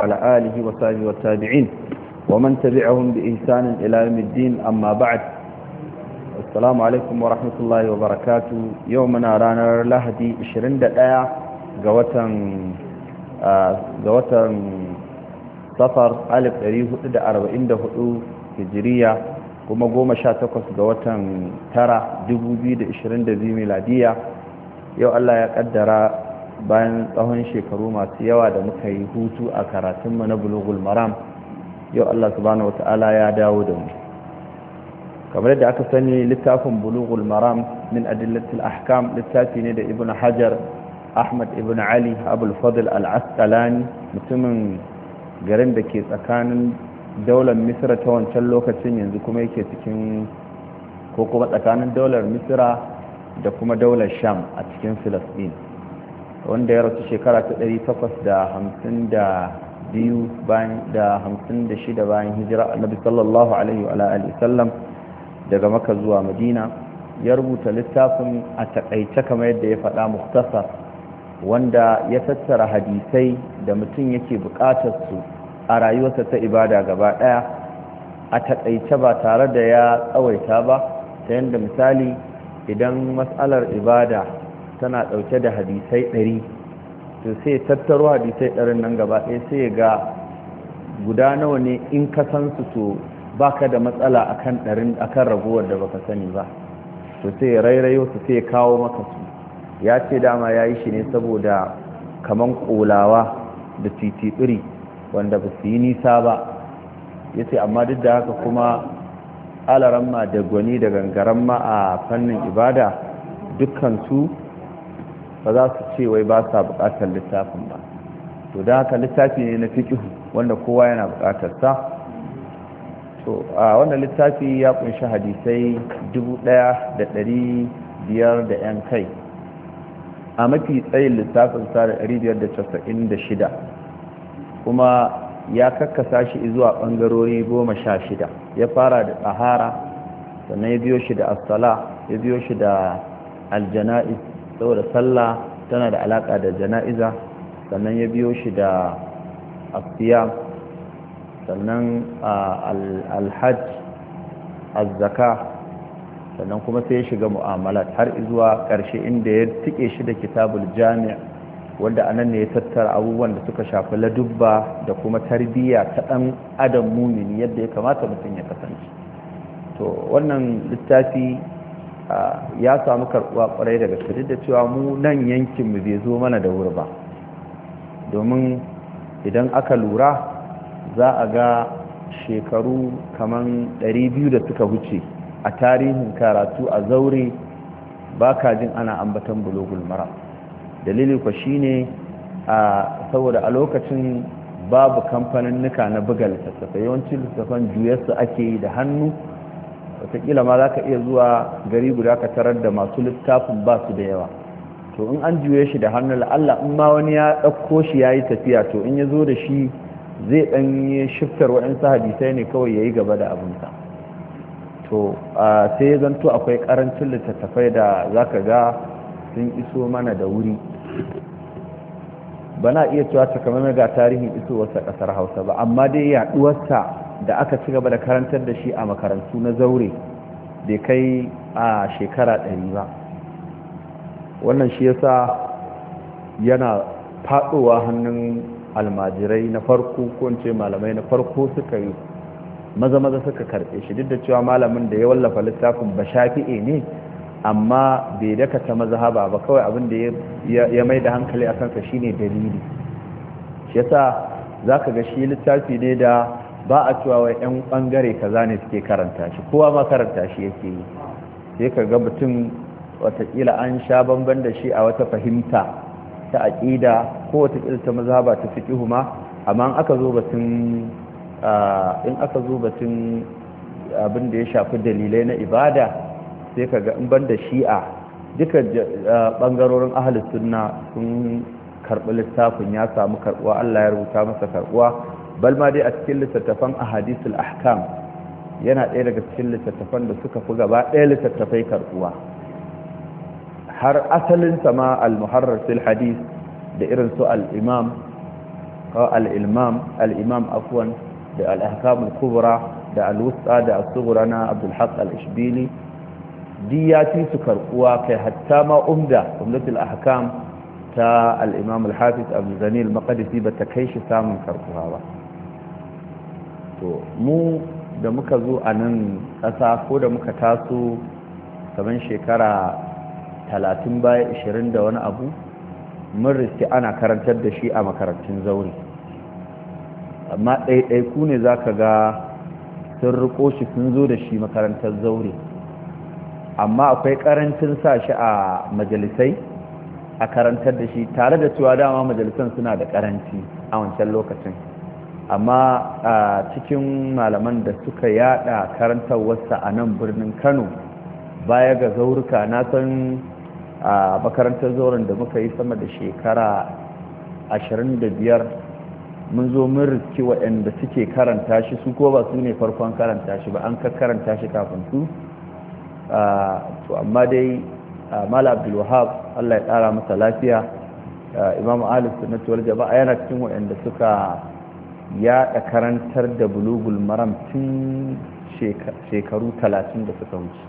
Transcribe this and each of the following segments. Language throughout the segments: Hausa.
وعلى آله وصحبه والتابعين ومن تبعهم بإحسان إلى يوم الدين أما بعد السلام عليكم ورحمة الله وبركاته يومنا رانا لهدي 21 ga watan ga watan safar 1444 hijiriya kuma 18 ga watan 9 2022 miladiya yau Allah ya kaddara bayan tsawon shekaru masu yawa da muka yi hutu a karatunmu na bulugul maram yau Allah subhanahu wata'ala ya dawo da mu kamar yadda aka sani littafin bulugul maram min adillatul ahkam littafi ne da ibn hajar ahmad ibn ali abul fadl al-asqalani mutumin garin da ke tsakanin daular misra ta wancan lokacin yanzu kuma yake cikin ko kuma tsakanin daular misra da kuma daular sham a cikin filistin wanda ya rasu shekara ta 852 da bayan hijira annabi sallallahu alaihi wa alihi sallam daga maka zuwa madina ya rubuta littafin a takaice kamar yadda ya faɗa muktasar wanda ya tattara hadisai da mutum yake buƙatar su a rayuwarsa ta ibada gaba ɗaya a takaice ba tare da ya tsawaita ba ta yadda misali idan matsalar ibada tana ɗauke da hadisai ɗari to sai tattaro hadisai ɗarin nan gaba ɗaya sai ga guda nawa ne in ka san su to baka da matsala akan ɗarin akan ragowar da baka sani ba to sai rairayo su sai kawo maka su ya ce dama ya yi shi ne saboda kaman ƙolawa da titiɓiri wanda ba su yi nisa ba ya ce amma duk da haka kuma alaramma da gwani da gangaramma a fannin ibada dukkan su ba za su ce wai ba sa buƙatar littafin ba to da haka littafi ne na fiƙihu wanda kowa yana buƙatar sa to a wannan littafi ya kunshi hadisai dubu ɗaya da ɗari biyar da 'yan kai a mafi tsayin littafin sa da ɗari biyar da casa'in da shida kuma ya kakkasa shi zuwa ɓangarori goma sha shida ya fara da tsahara sannan ya biyo shi da asala ya biyo shi da aljana'is saboda sallah tana da alaka da jana'iza sannan ya biyo shi da afiya sannan alhaj azzaka sannan kuma sai ya shiga mu'amala har zuwa ƙarshe inda ya tike shi da kitabul jami'a wanda anan ne ya tattara abubuwan da suka shafi ladubba da kuma tarbiyya ta ɗan adam mumini yadda ya kamata mutum ya kasance to wannan littafi ya samu karɓuwa ƙwarai daga su da cewa mu nan yankinmu bai zo mana da wuri ba domin idan aka lura za a ga shekaru kamar 200 da suka wuce a tarihin karatu a zaure ba kajin ana ambatan bulogul mara dalili kwa ne a saboda a lokacin babu kamfanin nuka na buga littattafai yawancin littattafan juyarsu ake yi da hannu watakila ma za ka iya zuwa gari guda ka tarar da masu littafin ba su da yawa to in an juye shi da hannun Allah in ma wani ya ɗauko shi ya yi tafiya to in ya zo da shi zai ɗan yi shiftar waɗansu hadisai ne kawai ya yi gaba da abinsa to sai ya zanto akwai ƙarancin littattafai da za ka ga sun iso mana da wuri bana iya cewa takamaiman ga tarihin iso wasa ƙasar hausa ba amma dai yaɗuwarsa da aka ci gaba da karantar da shi a makarantu na zaure bai kai a shekara ɗari ba wannan shi yasa yana faɗowa hannun almajirai na farko ko ce malamai na farko suka yi maza-maza suka karɓe shi duk da cewa malamin da ya wallafa littafin ba shafi'e ne amma bai dakata mazhaba ba kawai abin da ya mai da hankali a kansa shine dalili shi yasa zaka ga shi littafi ne da ba a cewa wai yan bangare kaza ne suke karanta shi kowa ma karanta shi yake yi sai ka ga mutum watakila an sha bamban da shi a wata fahimta ta aƙida ko watakila ta ba ta fi ma amma in aka zo batun in abin da ya shafi dalilai na ibada sai ka ga in da shi'a duka bangarorin ahalus sunna sun karɓi littafin ya samu karɓuwa Allah ya rubuta masa karɓuwa bal ma dai a cikin littattafan hadisul ahkam yana ɗaya daga cikin littattafan da suka fi gaba ɗaya littattafai karɓuwa har asalin sama al-muharrar fil hadis da irin su al-imam al-imam al-imam afwan da al-ahkam al-kubra da al-wusta da as-sughra na abdul haq al-ishbili diyati su karɓuwa kai hatta ma umda umdatul ahkam ta al-imam al-hafiz abdul ghani al ba ta kai shi samun karɓuwa ba to mu da muka zo a nan ƙasa ko da muka taso kamar shekara talatin baya ishirin da wani abu mun riske ana karantar da shi a makarantun zaure amma ɗaiɗaiku ne za ka ga sun riko shi sun zo da shi makarantar zaure amma akwai karancin sa shi a majalisai a karantar da shi tare da cewa dama majalisan suna da karanci a wancan lokacin amma a cikin malaman da suka yada wasa a nan birnin kano baya ga zauruka na san a makarantar zauren da muka yi sama da shekara 25 mun zo mun riski waɗanda suke karanta shi su ko ba su ne farkon karanta shi ba an ka karanta shi kafin su to amma dai mala abdulwahab allah ya tsara masa lafiya imam alis na tuwar jaba'a yana cikin waɗanda suka ya karantar da bulugul maram tun shekaru talatin da suka wuce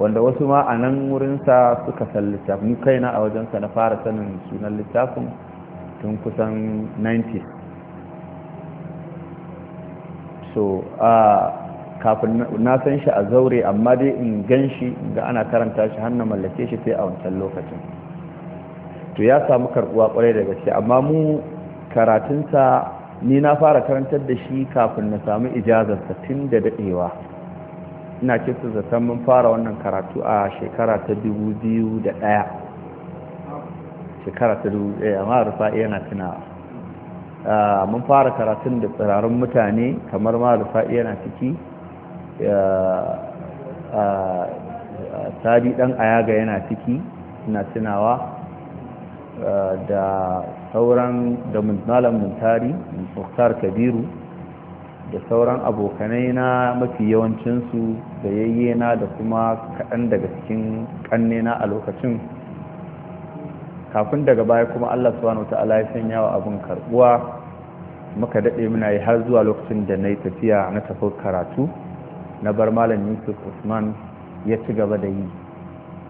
wanda wasu ma a nan wurinsa suka san littafin kaina a wajensa na fara sanin sunan littafin tun kusan 90 so a kafin na san shi a zaure amma dai in gan shi ga ana karanta shi hannu mallake shi sai a wancan lokacin to ya samu karbuwa kwarai da gaske amma mu karatunsa ni na fara karantar da shi kafin na samu ijazarsa tun da daɗewa ina cikin zaton mun fara wannan karatu a shekara ta 2001 shekara ta 2001 amma rufa'i yana tunawa mun fara karatun da tsirarun mutane kamar ma rufa'i yana ciki sadi ɗan ayaga yana ciki na tunawa da sauran da malam muntari muktar kabiru da sauran abokanai na mafi yawancinsu da yayyena da kuma kaɗan daga cikin ƙannena a lokacin kafin daga baya kuma allah subhanahu wa ta'ala ya sanya wa abin karbuwa muka daɗe muna yi har zuwa lokacin da na yi tafiya na tafi karatu na bar malam yusuf usman ya ci gaba da yi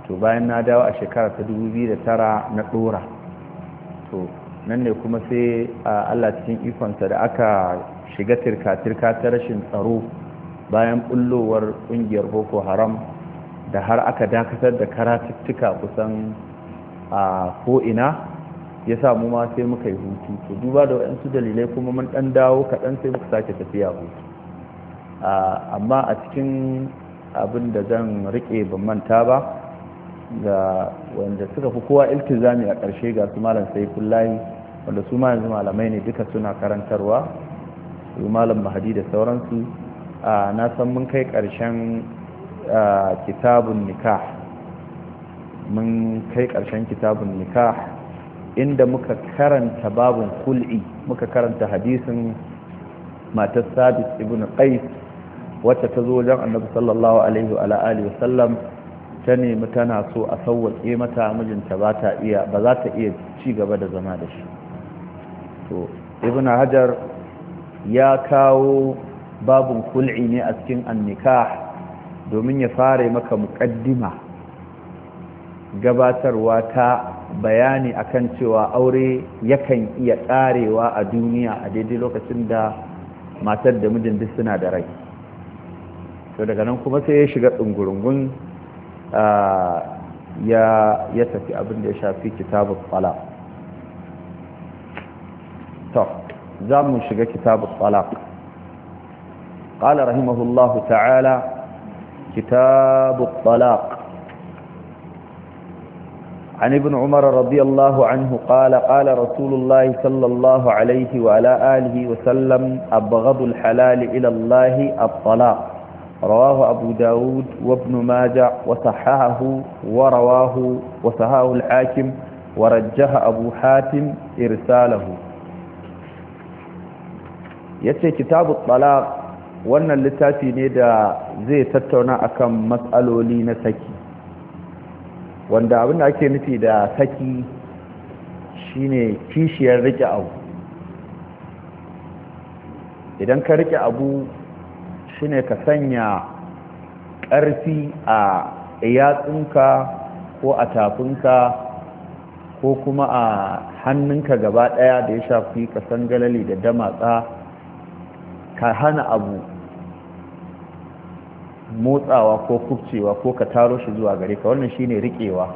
to bayan na dawo a shekara ta 2009 na ɗora to nan ne kuma sai a Allah cikin ikonsa da aka shiga tirka-tirka ta rashin tsaro bayan bullowar ƙungiyar boko haram da har aka dakatar da karatuttuka kusan a ko'ina ya samu ma sai muka yi hutu to duba da waɗansu dalilai kuma mun ɗan dawo kaɗan sai muka sake tafiya hutu amma a cikin abin da zan riƙe ban manta ba ga wanda suka fi kowa iltizami a ƙarshe ga su malam sai kullahi wanda su ma yanzu malamai ne duka suna karantarwa su malam mahadi da sauransu na san mun kai ƙarshen kitabun nikah mun kai ƙarshen kitabun nikah inda muka karanta babun kul'i muka karanta hadisin matar sabis ibn qais wacce ta zo wajen annabi sallallahu alaihi wa alihi sallam ta nemi tana so a sauwaƙe mata mijinta ba ta iya ba za ta iya ci gaba da zama da shi to ibn hajar ya kawo babun kul'i ne a cikin annikah domin ya fara maka muƙaddima gabatarwa ta bayani akan cewa aure yakan iya ƙarewa a duniya a daidai lokacin da matar da mijin duk suna da rai to daga nan kuma sai ya shiga ɗungurungun ah, ya tafi abin da ya shafi kitabul fala زام za mu كتاب الطلاق قال رحمه الله تعالى كتاب الطلاق عن ابن عمر رضي الله عنه قال قال رسول الله صلى الله عليه وعلى آله وسلم أبغض الحلال إلى الله الطلاق رواه أبو داود وابن ماجع وصححه ورواه وصحاه الحاكم ورجه أبو حاتم إرساله Ya ce kitabu talaq wannan littafi ne da zai tattauna akan matsaloli na saki wanda abin da ake nufi da saki shine kishiyar rike abu idan ka rike abu shine ka sanya ƙarfi a yatsunka ko a tafinka ko kuma a hannunka gaba ɗaya da ya shafi kasan galali da damatsa ka hana abu motsawa ko kubcewa ko ka taro shi zuwa gare ka wannan shine riƙewa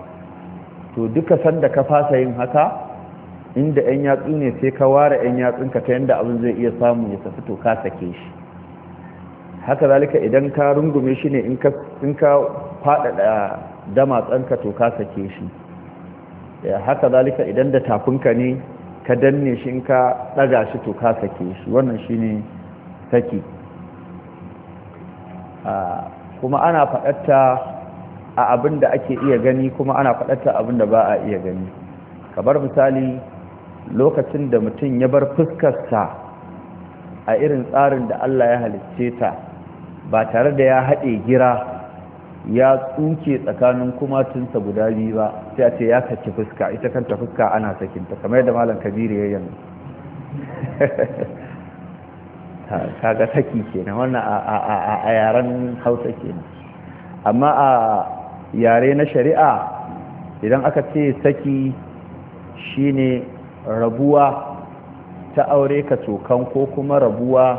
to duka sanda ka fasa yin haka inda 'yan yatsu ne sai ka ware 'yan yatsunka ta yadda abin zai iya samu ya tafi to ka sake shi haka zalika idan ka rungume shi ne in ka fada faɗaɗa tsanka to ka sake shi eh, haka zalika idan da tafinka ne ka danne shi in ka daga shi to ka sake shi wannan shi ne take ah, kuma ana fadatta a abin da ake iya gani kuma ana fadatta abin da ba a iya gani kamar misali lokacin da mutum ya bar fuskarsa a irin tsarin da Allah ya halicce ta ba tare da ya haɗe gira ya tsuke tsakanin kuma kumatunsa guda biyu ba sai a ce ya saki fuska ita kanta fuska ana sakinta kamar yadda malam kabiru ya yanzu kaga saki kenan wannan a yaren hausa kenan amma a yare na shari'a idan aka ce saki shine rabuwa ta aure ka cokan ko kuma rabuwa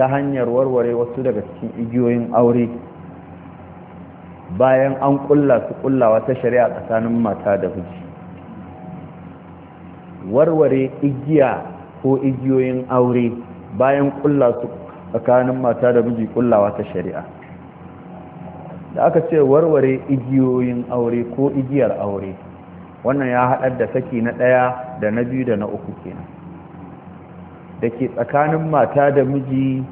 ta hanyar warware wasu daga cikin igiyoyin aure bayan an kulla su kullawa ta shari'a tsakanin mata da miji warware igiya ko igiyoyin aure bayan kulla su tsakanin mata da miji kullawa ta shari'a da aka ce warware igiyoyin aure ko igiyar aure wannan ya haɗar da saki na ɗaya da na biyu da na uku kenan da ke tsakanin mata da miji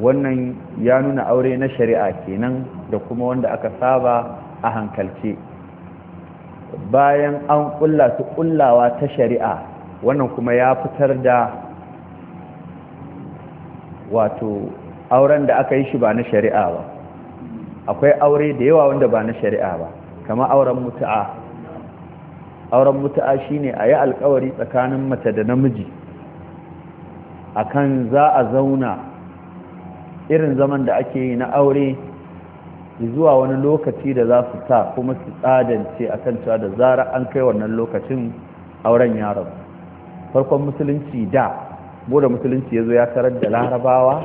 wannan ya nuna aure na shari'a kenan da kuma wanda aka saba a hankalce bayan an kulla su kullawa ta shari'a wannan kuma ya fitar da wato auren da aka yi shi ba na shari'a ba akwai aure da yawa wanda ba na shari'a ba kama auren mutu'a auren mutu'a shine a yi alkawari tsakanin mace da namiji akan za a zauna irin zaman da ake yi na aure zuwa wani lokaci da za su sa kuma su tsadance a kan cewa da zara an kai wannan lokacin auren yaron farkon musulunci da mu musulunci ya zo ya tarar da larabawa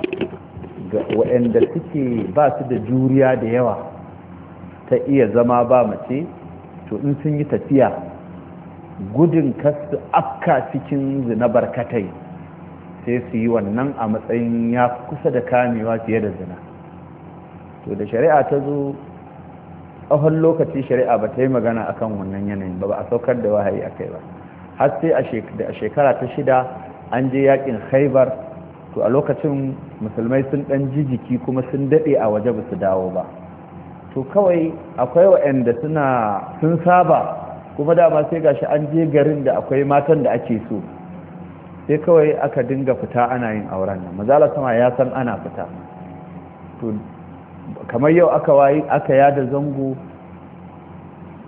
ga waɗanda suke ba su da juriya da yawa ta iya zama ba mace to in sun yi tafiya gudun kasu afka cikin zina barkatai sai su yi wannan a matsayin ya kusa da kamewa fiye da zina to da shari'a ta zo tsawon lokaci shari'a ba ta yi magana akan wannan yanayin ba ba a saukar da wahayi a kai ba har sai a shekara ta shida an je yakin haibar to a lokacin musulmai sun dan jiki kuma sun daɗe a waje ba su dawo ba to kawai akwai wa'anda suna sun saba kuma dama sai gashi an je garin da akwai matan da ake so sai kawai aka dinga fita ana yin auren nan mazala sama ya san ana fita to kamar yau aka wayi aka yada zango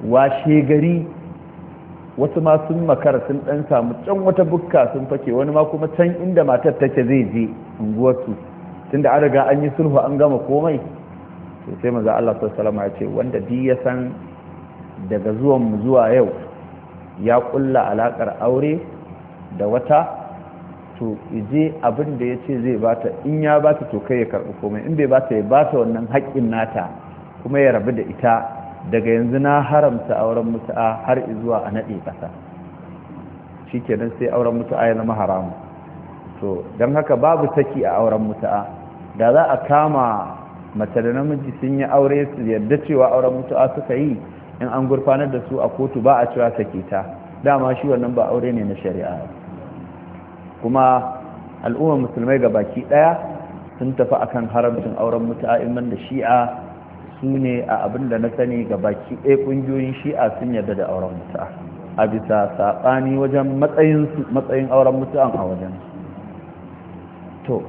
washe gari wasu ma sun makara sun dan samu can wata bukka sun fake wani ma kuma can inda matar take zai je unguwarsu tunda an riga an yi sulhu an gama komai to sai manzo Allah sallallahu ya ce wanda duk ya san daga zuwan mu zuwa yau ya kulla alakar aure da wata to ije abin da yace zai bata in ya bata to kai ya karbi komai in bai bata ya bata wannan haƙƙin nata kuma ya rabu da ita daga yanzu na haramta auren mutu'a har zuwa a naɗe ƙasa shi kenan sai auren mutu'a ya zama haramu to don haka babu saki a auren mutu'a da za a kama mace da namiji sun yi aure su yadda cewa auren mutu'a suka yi in an gurfanar da su a kotu ba a cewa sake ta dama shi wannan ba aure ne na shari'a kuma al'ummar musulmai ga baki ɗaya sun tafi akan haramcin auren mutu'a in man da shi'a su ne a abin da na sani ga baki ɗaya ƙungiyoyin shi'a sun yarda da auren mutu'a a bisa saɓani wajen matsayin auren mutu'an a wajen to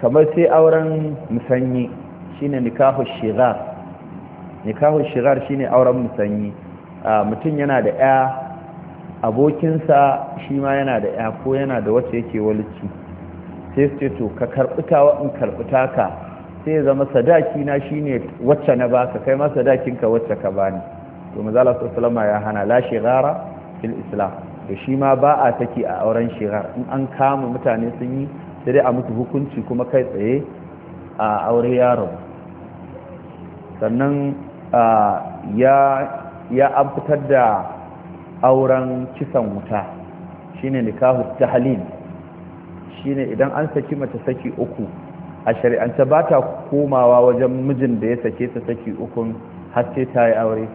kamar sai auren musanyi shine nikahu shirar nikahu shirar shine auren musanyi mutum yana da ya abokinsa shi ma yana da ya ko yana da wacce yake walici sai su ce to ka karɓi ta in karɓi ka. sai zama sadaki na shine wacce na baka kai ma sadakin ka wacce ka bani to manzo ya hana la shigara fil islam to shi ma ba a take a auren shigar in an kama mutane sun yi sai dai a mutu hukunci kuma kai tsaye a aure yaro sannan ya ya an fitar da auren kisan wuta shine nikahu tahlil shine idan an saki mace saki uku a shari'ance ba ta komawa wajen mijin da ya sake ta saki ukun har sai ta yi aure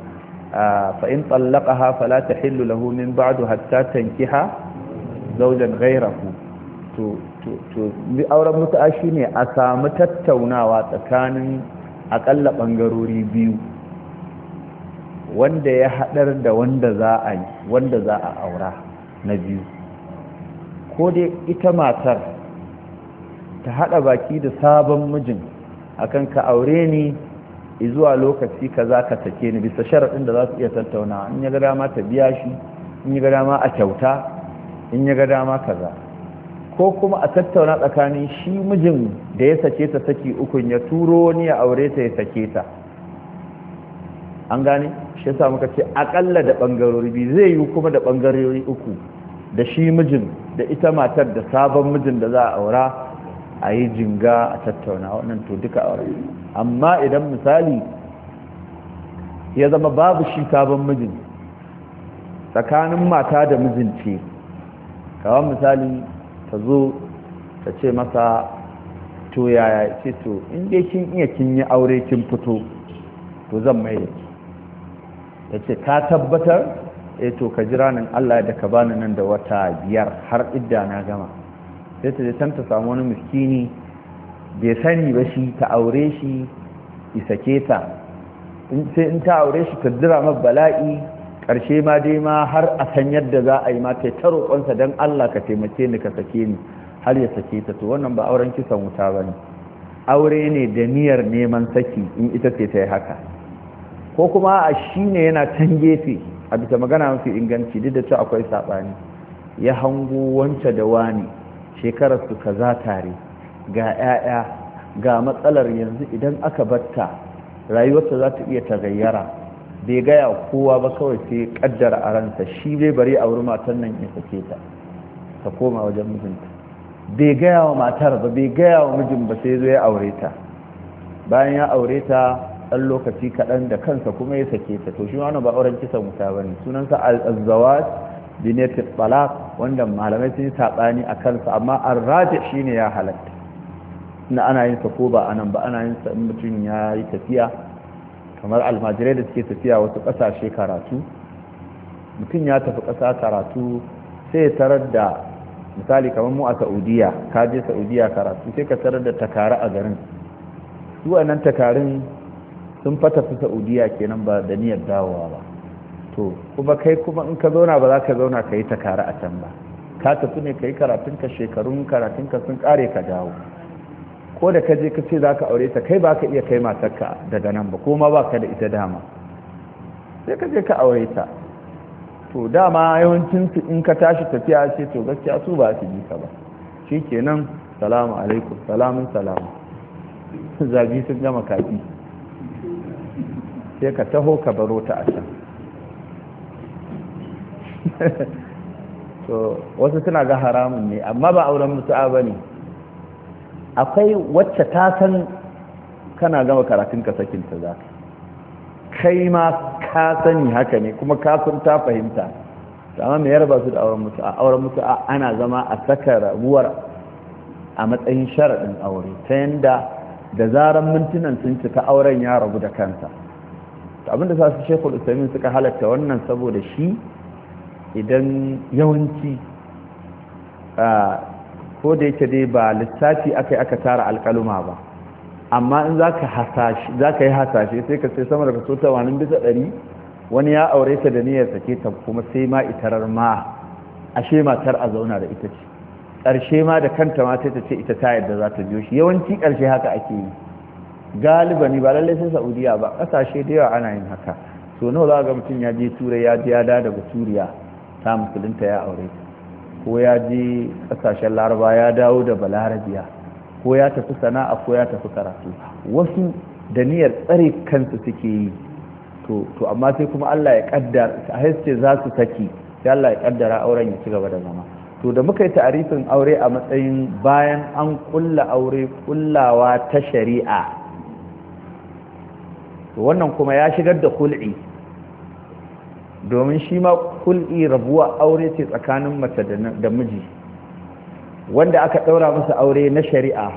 fa in tsallaqaha fala hillu lahu min ba'du hatta tankiha zawjan ghayrahu to to to bi auren mutu'a ne a samu tattaunawa tsakanin akalla bangarori biyu wanda ya hadar da wanda za a wanda za a aura na biyu ko dai ita matar ka haɗa baki da sabon mijin akan ka aure ni zuwa lokaci kaza ka sake ni bisa sharaɗin da za su iya tattauna in ya ga dama ta biya shi in ya ga dama a kyauta in ya ga dama kaza ko kuma a tattauna tsakanin shi mijin da ya sake ta saki ukun ya turo wani ya aure ta ya sake ta an gane shi yasa muka ce akalla da bangarori biyu zai yi kuma da bangarori uku da shi mijin da ita matar da sabon mijin da za a aura a yi jinga a tattauna wannan to duka aure amma idan misali ya zama babu shi sabon mijin tsakanin mata da mijin ce kawai misali ta zo ta ce masa to yaya ce to in kin iya kin yi aure kin fito to zan mai ta ce ka tabbatar eh to ka jira nan Allah da ka bani nan da wata biyar har idda na gama sai ta je ta samu wani miskini bai sani ba shi ta aure shi isake ta sai in ta aure shi ta dira ma bala'i ƙarshe ma dai ma har a san yadda za a yi ma ta ta roƙonsa don Allah ka taimake ni ka sake ni har ya sake ta to wannan ba auren kisan wuta ba ne aure ne da niyyar neman saki in ita ce ta yi haka ko kuma a shi ne yana can gefe a bisa magana mafi inganci duk da cewa akwai saɓani ya hango wance da wani shekarar su kaza tare ga 'ya'ya ga matsalar yanzu idan aka batta rayuwarsa za ta iya tagayyara bai gaya kowa ba kawai sai kaddar a ransa shi bai bari a wuri matan nan ya sake ta ta koma wajen mijinta bai gaya wa matar ba bai gaya wa mijin ba sai zo ya aure ta bayan ya aure ta dan lokaci kaɗan da kansa kuma ya sake ta to shi wani ba auren kisan wuta ba ne sunansa al-zawat binatin talaq wanda malamai sun yi saɓani a kansa amma an raja shi ne ya halatta na ana yin sa ko ba a nan ba ana yin sa in mutum ya yi tafiya kamar almajirai da suke tafiya wasu ƙasashe karatu mutum ya tafi ƙasa karatu sai ya tarar da misali kamar mu a saudiya ka je saudiya karatu sai ka tarar da takara a garin su nan takarun sun fata fi saudiya kenan ba da niyyar dawowa ba to kuma kai kuma in ka zauna ba za ka zauna ka yi ta kara a can ba ka tafi ne ka yi karatunka shekarun karatunka sun kare ka dawo ko da ka je ka ce za ka aure ta kai ba ka iya kai matarka daga nan ba kuma ba ka da ita dama sai ka je ka aure ta to dama yawancinsu in ka tashi tafiya ce to gaskiya su ba su bi ka ba shi kenan salamu alaikum salamun salamu zabi sun gama kafi sai ka taho ka baro ta a can to wasu suna ga haramun ne amma ba auren mutu'a ba ne akwai wacce ta san kana gama karatun ka sakin ta za kai ma ka sani haka ne kuma ka sun ta fahimta amma mai yarba su da auren mutu'a auren mutu'a ana zama a saka rabuwar a matsayin sharaɗin aure ta yanda da zarar mintunan sun cika auren ya rabu da kansa abinda sa su shekul usamin suka halatta wannan saboda shi idan yawanci ko da yake dai ba littafi aka yi aka tara alkaluma ba amma in za ka yi hasashe sai ka sai sama da kaso wani bisa ɗari. wani ya aure ta da niyyar sake ta kuma sai ma itarar ma ashe matar a zauna da ita ce ƙarshe ma da kanta ma sai ta ce ita ta yadda za ta biyo shi yawanci ƙarshe haka ake yi galiba ne ba lallai sai saudiya ba ƙasashe da yawa ana yin haka so nawa za ga mutum ya je turai ya je ya ga turiya ta musulunta ya aure ko ya je kasashen laraba ya dawo da balarabiya ko ya tafi sana'a ko ya tafi karatu wasu da niyyar tsare kansu suke yi to amma sai kuma Allah ya kaddara a haske za su saki sai Allah ya kaddara auren ya ci gaba da zama to da muka yi ta'arifin aure a matsayin bayan an kulla aure kullawa ta shari'a to wannan kuma ya shigar da kul'i domin shi ma kul'i rabuwa aure ce tsakanin mace da miji wanda aka ɗaura masa aure na shari'a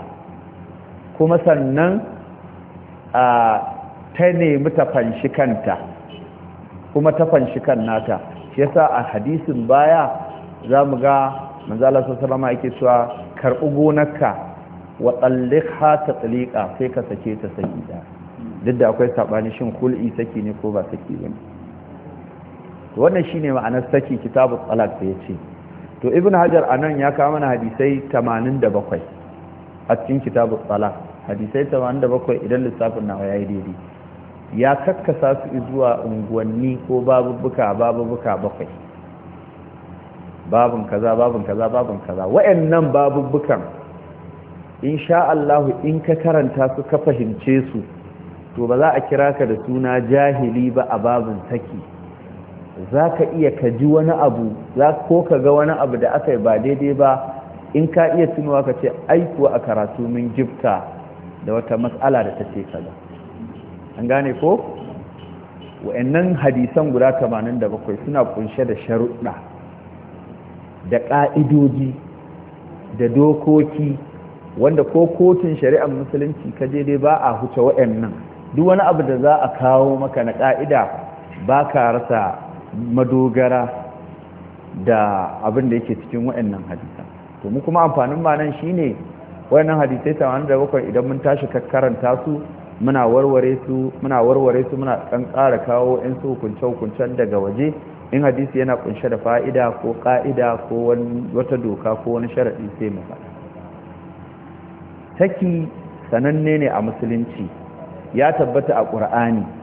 kuma sannan a ta nemi ta fanshi kanta kuma ta fanshi kan nata shi yasa a hadisin baya za mu ga manzala sassalama yake cewa karɓi gonarka wa tsallika ta tsallika sai ka sake ta sake da duk da akwai saɓani shin kul'i saki ne ko ba saki ne wannan shine ma'anar saki kitabu talaq da yace to ibn hajar anan ya kawo mana hadisai 87 a cikin kitabu talaq hadisai 87 idan lissafin nawa yi daidai ya kakkasa su zuwa unguwanni ko babubuka babubuka bakwai babun kaza babun kaza babun kaza wa'annan babubukan insha Allah in ka karanta su ka fahimce su to ba za a kira ka da suna jahili ba a babun saki za ka iya ka ji wani abu za ko ka ga wani abu da aka yi ba daidai ba in ka iya tunowa ka ce aikuwa a karatu min jibta da wata matsala da ta ce kaza an gane ko wa'annan hadisan guda 87 suna kunshe da sharuɗa da ƙa'idoji da dokoki wanda ko kotun shari'ar musulunci ka je dai ba a huce wa'annan duk wani abu da za a kawo maka na ƙa'ida ba ka rasa madogara da abin da yake cikin wa'annan hadisan to mu kuma amfanin ma nan shine wa'annan hadisai 87 idan mun tashi karanta su muna warware su muna warware su muna kan ƙara kawo in su hukunce hukuncen daga waje in hadisi yana kunshe da fa'ida ko ƙa'ida ko wata doka ko wani sharaɗi sai mu faɗa saki sananne ne a musulunci ya tabbata a ƙur'ani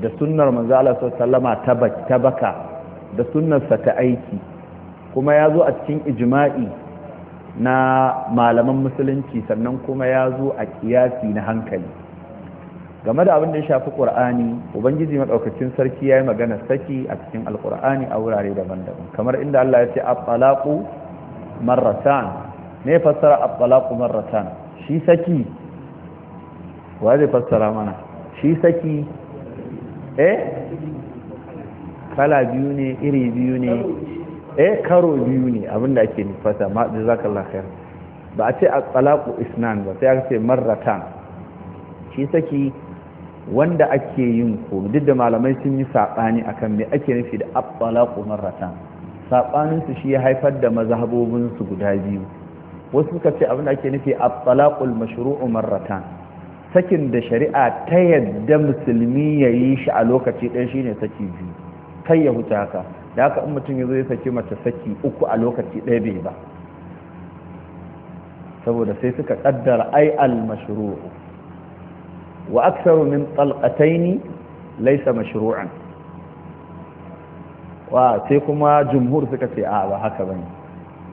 da sunnar manzo Allah sallama ta baka da sunnarsa ta aiki kuma ya zo a cikin ijma'i na malaman musulunci sannan kuma ya zo a kiyasi na hankali game da abin da ya shafi ƙur'ani ubangiji maɗaukacin sarki ya yi magana saki a cikin alƙur'ani a wurare daban-daban kamar inda Allah ya ce abalaku marratan ne fassara abalaku marratan shi saki wa zai fassara mana shi saki eh kala biyu ne iri biyu ne eh karo biyu ne abinda ake nufata ma jazakallahu khair ba a ce a talaku isnan ba sai aka ce marratan shi saki wanda ake yin ko duk da malamai sun yi saɓani akan me ake nufi da at-talaqu marratan saɓanin su shi ya haifar da mazhabobin su guda biyu wasu suka ce abin da ake nufi a talaqul mashru'u marratan sakin da shari'a ta yadda musulmi ya yi shi a lokaci ɗaya shine saki biyu kai ya huta haka da haka in mutum ya zo ya saki mace saki uku a lokaci ɗaya bai ba saboda sai suka ƙaddara ai al-mashru'u wa aktsaru min talqataini laysa mashru'an wa sai kuma jumhur suka ce a ba haka bane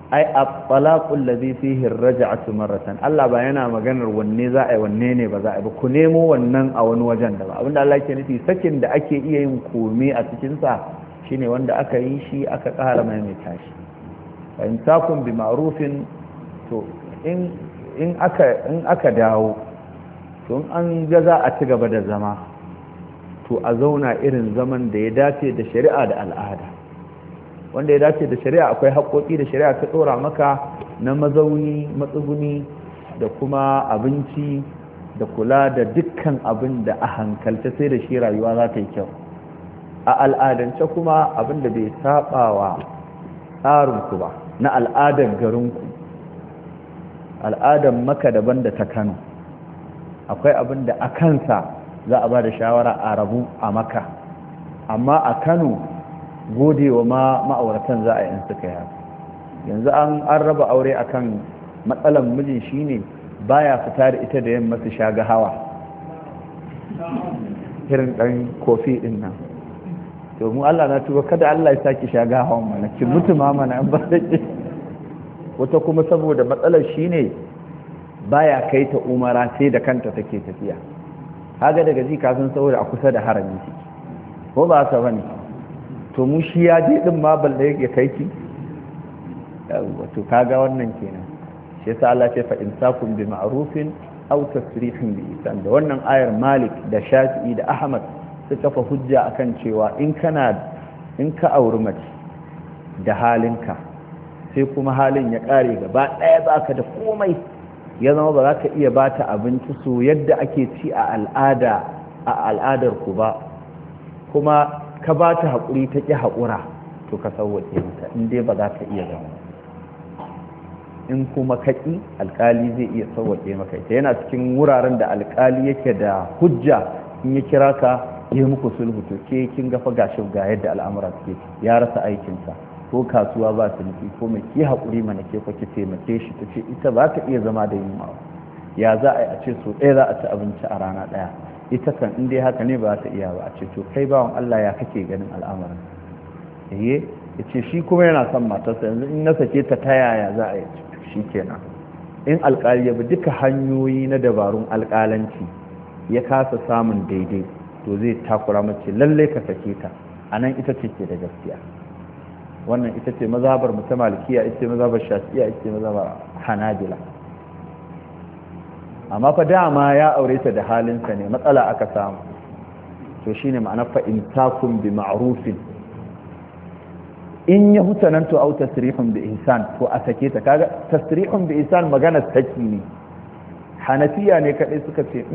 ai at-talaqul ladhi fihi rajatu Allah ba yana maganar wanne za a yi wanne ne ba za a yi ku nemo wannan a wani wajen da ba abinda Allah yake nufi sakin da ake iya yin kome a cikin sa shine wanda aka yi shi aka ƙara mai mai tashi in takun bi ma'rufin to in in aka in aka dawo to in an ga za a ci gaba da zama to a zauna irin zaman da ya dace da shari'a da al'ada wanda ya dace da shari'a akwai haƙoƙi da shari'a ta ɗora maka na mazauni matsuguni da kuma abinci da kula da dukkan abin da a hankalta sai da shi rayuwa za ta yi kyau a al'adance kuma abin da bai saba wa tsarinku ba na al'adar garinku al'adar maka daban da ta kano akwai abin da a kansa za a ba da shawara a rabu a maka amma a kano gode wa ma ma'auratan za a yi suka yi yanzu an an raba aure akan matsalan mijin shine baya fita da ita da yamma su shaga hawa irin dan kofi din nan to mu Allah na tuba kada Allah ya saki shaga hawan mana ki mutu mana an ba wata kuma saboda matsalar shine baya kai ta umara sai da kanta take tafiya haga daga ji kafin saboda a kusa da harami ko ba sa bane to mu shi ya je din ma balle ya kai ki wato kaga wannan kenan shi yasa Allah ce fa insakum bi ma'rufin aw tasrihin bi isan da wannan ayar Malik da Shafi'i da Ahmad suka fa hujja akan cewa in kana in ka auri mace da halinka sai kuma halin ya kare gaba ɗaya baka da komai ya zama ba za ka iya ba ta abinci so yadda ake ci a al'ada a al'adar ku ba kuma ka ba ta haƙuri ta ƙi haƙura to ka sauwaƙe mata in dai ba za ka iya zama in kuma kaƙi alƙali zai iya sauwaƙe maka ita yana cikin wuraren da alƙali yake da hujja in ya kira ka yi muku sulhu to ke kin gafa gashin ga yadda al'amura suke ya rasa aikinsa ko kasuwa ba su nufi ko mai ki haƙuri mana ke fa ki taimake shi ta ce ita ba ta iya zama da yin ya za a yi a ce so ɗaya za a ci abinci a rana ɗaya ita kan inda haka ne ba ta iya ba a ce to kai bawan Allah ya kake ganin al'amarin yaye ya ce shi kuma yana son matarsa yanzu in na sake ta ta yaya za a yi shi kenan in alkali ya bi duka hanyoyi na dabarun alkalanci ya kasa samun daidai to zai takura mace lallai ka sake ta a nan ita ce ke da gaskiya wannan ita ce mazabar mu ta ita ce mazabar shafi'iya ita ce mazabar hanabila amma fa dama ya aure ta da halinsa ne matsala aka samu to shine ma'ana fa in takum bi ma'rufin in ya to au tasrihun bi ihsan to a sake ta kaga tasrihun bi ihsan magana saki ne hanafiya ne kaɗai suka ce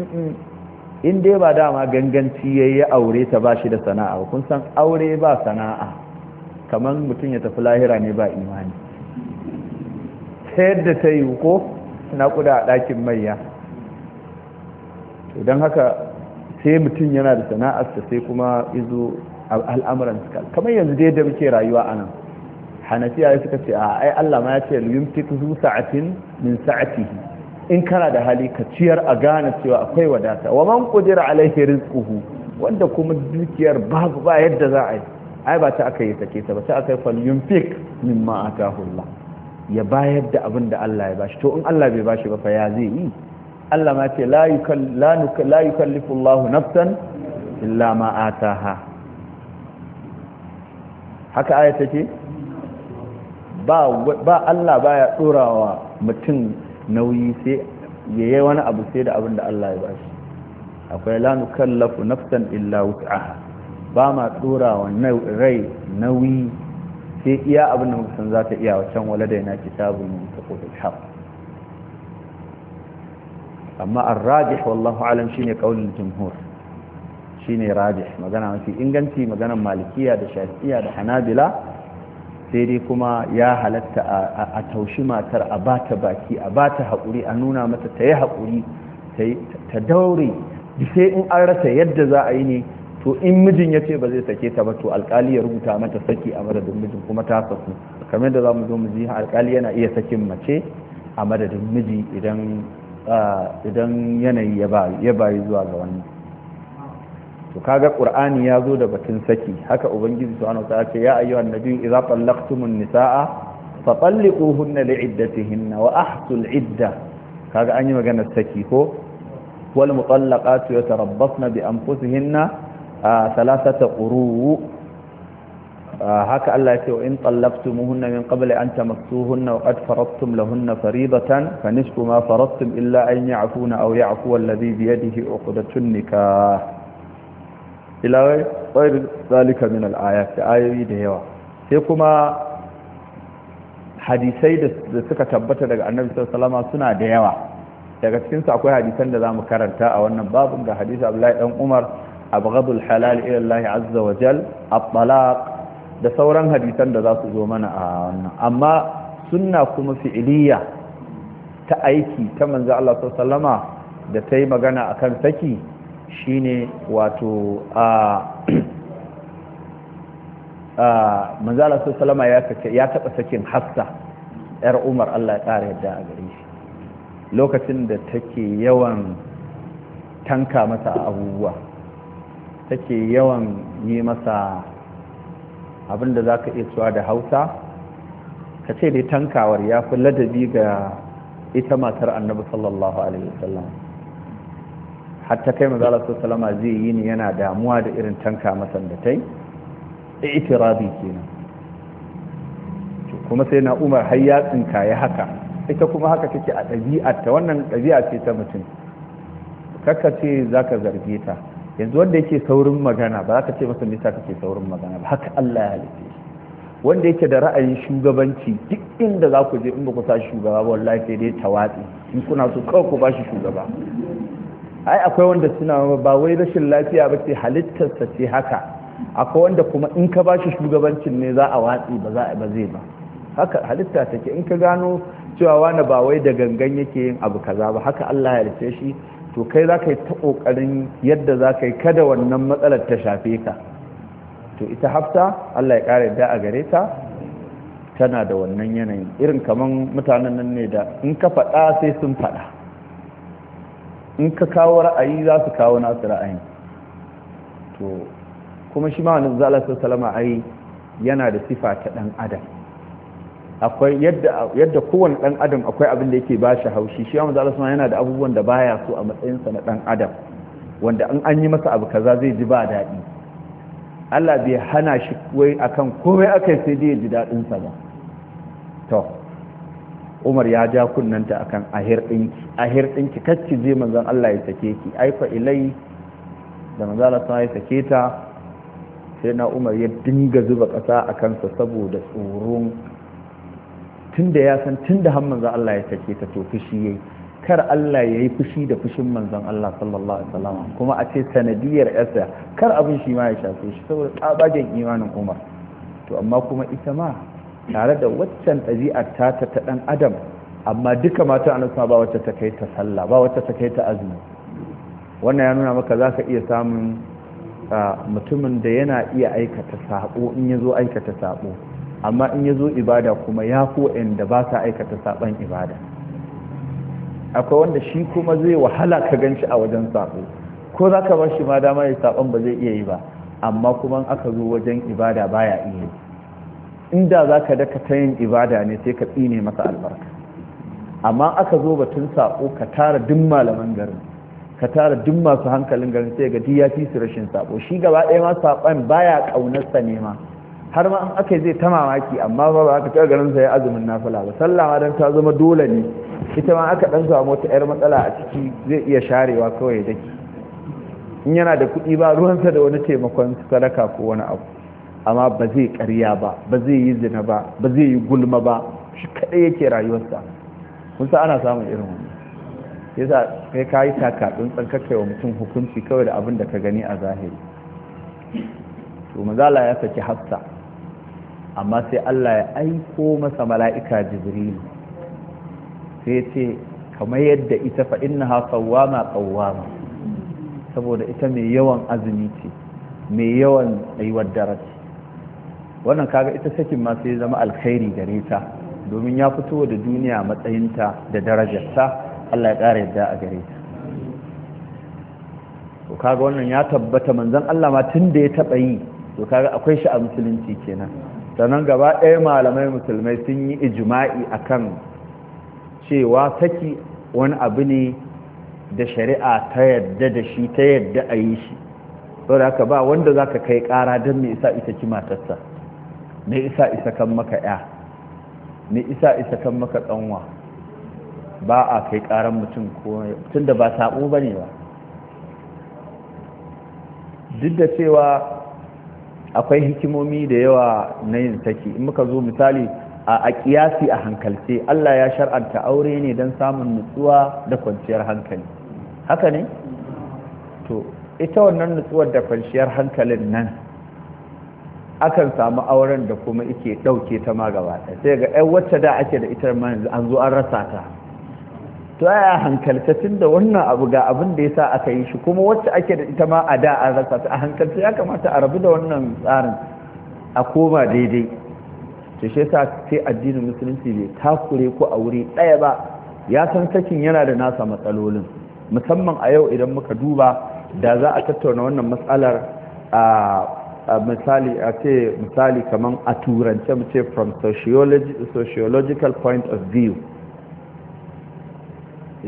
in dai ba dama ganganci yayi aure ta ba shi da sana'a kun san aure ba sana'a kamar mutum ya tafi lahira ne ba imani ta yadda ta yi ko na kuda a ɗakin maiya idan haka sai mutum yana da sana'arsa sai kuma izo al'amuran suka kamar yanzu dai da muke rayuwa a nan hanafiya ya suka ce a ai Allah ma ya ce yumtik zu sa'atin min sa'atihi in kana da hali ka ciyar a gane cewa akwai wadata wa man qadira alaihi rizquhu wanda kuma dukiyar babu ba yadda za a yi ai ba ta aka yi take ta ba ta aka yi fal yumtik mimma atahu Allah ya bayar da abin da Allah ya bashi to in Allah bai bashi ba fa ya zai yi Allah ma ce la yukallifu Allah nafsan illa ma ataha haka aya take ba ba Allah baya dorawa mutum nauyi sai yayi wani abu sai da abin da Allah ya bashi akwai la nukallafu nafsan illa wus'aha ba ma dorawa rai nauyi sai iya abin da mutum za ta iya wacan yana kitabun mutaqul haka amma ar-rajih wallahu alam shine qaulul jumhur shine rajih magana mafi inganci maganan malikiya da shafi'iya da hanabila sai dai kuma ya halatta a taushi matar a bata baki a bata haƙuri a nuna mata ta yi haƙuri ta daure sai in an rasa yadda za a yi ne to in mijin ya ce ba zai sake ta ba to alkali ya rubuta mata saki a madadin mijin kuma ta saku kamar da za mu zo mu ji alkali yana iya sakin mace a madadin miji idan idan yanayi ya bayi zuwa ga wani to kaga qur'ani ya zo da batun saki haka ubangiji subhanahu wa ta'ala ce ya ayyuhan nabiyyu idza talaqtumun nisaa fatalliquhunna li'iddatihinna wa ahsul idda kaga an yi magana saki ko wal mutallaqatu yatarabbasna bi anfusihinna thalathata quru' haka Allah ya ce in tallaqtumuhunna min qabl an tamassuhunna wa qad faradtum lahunna faridatan fa nisfu ma faradtum illa an ya'funa aw ya'fu alladhi bi yadihi 'uqdatun nikah ila ghayr zalika min al-ayat da yawa sai kuma hadisai da suka tabbata daga annabi sallallahu alaihi suna da yawa daga cikin su akwai hadisan da zamu karanta a wannan babin ga hadisi Abdullahi dan Umar abghadul halal ila Allah azza wa jal at-talaq da sauran hadisan da za su zo mana a wannan amma sunna kuma fi'iliya ta aiki ta manzo Allah sallama da ta yi magana akan saki shine wato a manzo Allah sallama ya taba sakin Hafsa yar Umar Allah ya kare yadda a gare shi lokacin da take yawan tanka masa abubuwa take yawan yi masa abinda za ka iya cewa da hausa ka ce dai tankawar ya fi ladabi ga ita matar annabi sallallahu alaihi wasallam hatta kai mazala su salama zai yi ni yana damuwa da irin tanka masan da ta yi itirabi kenan kuma sai na umar har ya tsinkaye ya haka ita kuma haka kake a Ta wannan ɗabi'a ce ta mutum kakka ce za ka zarge ta yanzu wanda yake saurin magana ba za ka ce masa nisa kake saurin magana ba haka Allah ya halitta wanda yake da ra'ayin shugabanci duk inda za ku je in ba ku sa shugaba ba wallahi sai dai tawatsi in kuna so kawai ku ba shi shugaba ai akwai wanda suna ba wai rashin lafiya ba ce halittarsa ce haka akwai wanda kuma in ka ba shi shugabancin ne za a watsi ba za a ba zai ba haka halitta take in ka gano cewa wani ba wai da gangan yake yin abu kaza ba haka Allah ya halitta shi to kai za ka yi ta ƙoƙarin yadda za ka yi kada wannan matsalar ta shafe ka to ita hafta allah ya ƙara yadda a gare ta tana da wannan yanayin irin kamar mutanen nan ne da in ka faɗa sai sun faɗa in ka kawo ra'ayi za su kawo nasu ra'ayin to kuma shi ma wani zala salama ai yana da sifa ta ɗan adam akwai yadda yadda kowane dan adam akwai abin da yake ba shi haushi shi amma Allah yana da abubuwan da baya so a matsayin sa na dan adam wanda an an yi masa abu kaza zai ji ba daɗi Allah bai hana shi wai akan komai akai sai dai ya ji daɗin sa ba to Umar ya ja kunnanta akan ahir dinki ahir dinki kacci je manzon Allah ya sake ki aifa ilai da manzon Allah ya sake ta sai na Umar ya dinga zuba kasa a kansa saboda tsoron tunda ya san tunda har za Allah ya sake ta to fushi yayi kar Allah ya yi fushi da fushin manzon Allah sallallahu alaihi wasallam kuma a ce sanadiyar yasa kar abin shi ma ya shafe shi saboda tsabagen imanin Umar to amma kuma ita ma tare da waccan ɗabi'ar ta ta dan adam amma duka mata a nasa ba wacce ta kai ta sallah ba wacce ta kai ta azumi wannan ya nuna maka za ka iya samun ah, mutumin da yana iya aikata sabo in ya zo aikata sabo amma in ya zo ibada kuma ya fi waɗanda ba sa aikata saɓan ibada akwai wanda shi kuma zai wahala ka gan a wajen saɓo ko za ka ba ma dama ya saɓan ba zai iya yi ba amma kuma aka zo wajen ibada baya iya inda za ka daka ta yin ibada ne sai ka tsine masa albarka amma aka zo batun saƙo ka tara duk malaman garin ka tara duk masu hankalin garin sai ga duk su rashin saƙo, shi gaba ɗaya ma saɓan baya ƙaunarsa ne ma har ma an aka zai ta mamaki amma ba ba ka taɓa ganin sa ya azumin nafila ba sallah ma dan ta zama dole ne ita ma aka dan samu wata yar matsala a ciki zai iya sharewa kawai dake in yana da kuɗi ba ruwansa da wani taimakon sadaka ko wani abu amma ba zai ƙarya ba ba zai yi zina ba ba zai yi gulma ba shi kaɗai yake rayuwarsa kun sa ana samun irin wani yasa kai ka yi takaɗin tsarkakai wa mutum hukunci kawai da abin da ka gani a zahiri to mazala ya saki hafsa amma sai Allah ya aiko masa mala'ika jibrilu sai ce kamar yadda ita fa na qawwama qawwama saboda ita mai yawan azumi ce mai yawan aiwar darasi wannan kaga ita sakin ma sai zama alkhairi gare ta domin ya fito da duniya matsayinta da darajarta Allah ya ƙara yadda a gare ta to kaga wannan ya tabbata manzon Allah ma tun da ya taɓa yi to kaga akwai shi a musulunci kenan sannan gaba ɗaya malamai musulmai sun yi ijima'i akan cewa saki wani abu ne da shari'a ta yadda da shi ta yadda a yi shi sau da haka ba wanda za ka kai ƙara don mai isa isa ki matarsa mai isa isa kan maka ya mai isa isa kan maka ɗanwa, ba a kai ƙaran mutum ko tun da ba saɓo ba ne ba duk da cewa akwai hikimomi da yawa na yin saki in muka zo misali a kiyasi a hankalce Allah ya shar'anta aure ne don samun nutsuwa da kwanciyar hankali haka ne to ita wannan nutsuwar da kwanciyar hankalin nan akan samu auren da kuma ike ɗauke ta ma gaba sai ga 'yan wacce da ake da ita yanzu an rasa ta to yaya hankalta tun da wannan abu ga abin da ya sa aka yi shi kuma wacce ake da ita ma a da a rasa ta a hankalta ya kamata a rabu da wannan tsarin a koma daidai to shi yasa sai addinin musulunci bai takure ko a wuri ɗaya ba ya san sakin yana da nasa matsalolin musamman a yau idan muka duba da za a tattauna wannan matsalar a misali a ce misali kaman a turance mu ce from sociological point of view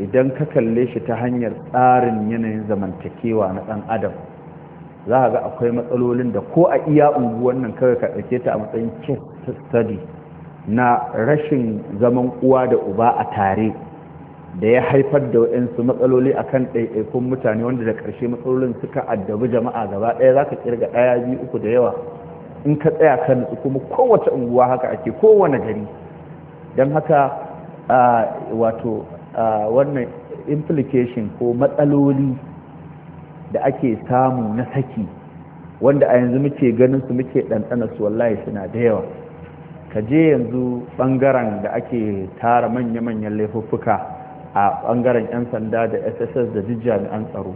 idan ka kalle shi ta hanyar tsarin yanayin zamantakewa na ɗan adam za a ga akwai matsalolin da ko a iya unguwan nan kawai ka ɗauke ta a matsayin case study na rashin zaman uwa da uba a tare da ya haifar da waɗansu matsaloli a kan ɗaiɗaikun mutane wanda da ƙarshe matsalolin suka addabi jama'a gaba ɗaya za ka ƙirga ɗaya biyu uku da yawa in ka tsaya ka nutsu kuma kowace unguwa haka ake kowane gari don haka wato wannan implication ko matsaloli da ake samu na saki wanda a yanzu muke ganin su muke ɗanɗana su wallahi suna da yawa ka je yanzu ɓangaren da ake tara manya-manyan laifuffuka a ɓangaren 'yan sanda da sss da duk jami'an tsaro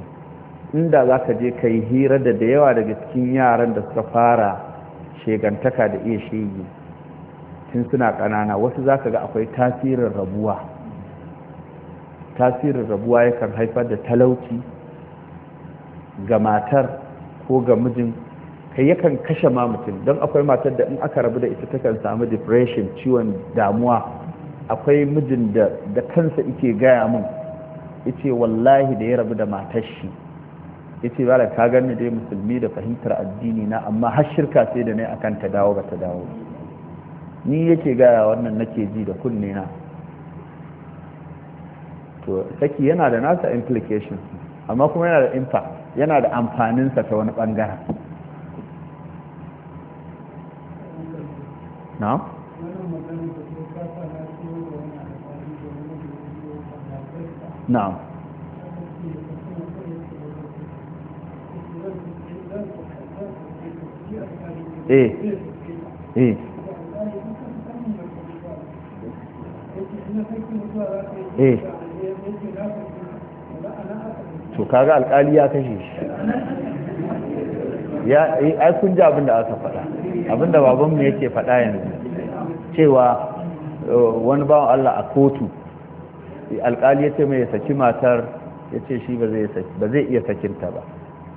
inda za ka je ka yi hira da da yawa daga cikin yaran da suka fara shegantaka da iya shege tun suna ƙanana wasu za ka ga akwai tasirin rabuwa tasirin rabuwa yakan haifar da talauci ga matar ko ga mijin kai yakan kashe ma mutum don akwai matar da in aka rabu da ita takan samu depression ciwon damuwa akwai mijin da kansa ike gaya min Ice wallahi da ya rabu da matar shi ba da ka gani dai musulmi da fahimtar addini na amma har shirka sai da ne akan ta dawo ba ta dawo ni yake gaya wannan nake ji da kunne na to saki yana da nasa implications amma kuma yana da impact yana da amfaninsa ta wani bangaren na? na'am E? E? E? kaga alkali ya kashe shi ya ai kun ji abin da aka faɗa abin da babanmu yake faɗa yanzu cewa eh, wani bawan Allah a kotu alkali ya ce mai ya saki matar ya ce shi ba zai iya sakinta ba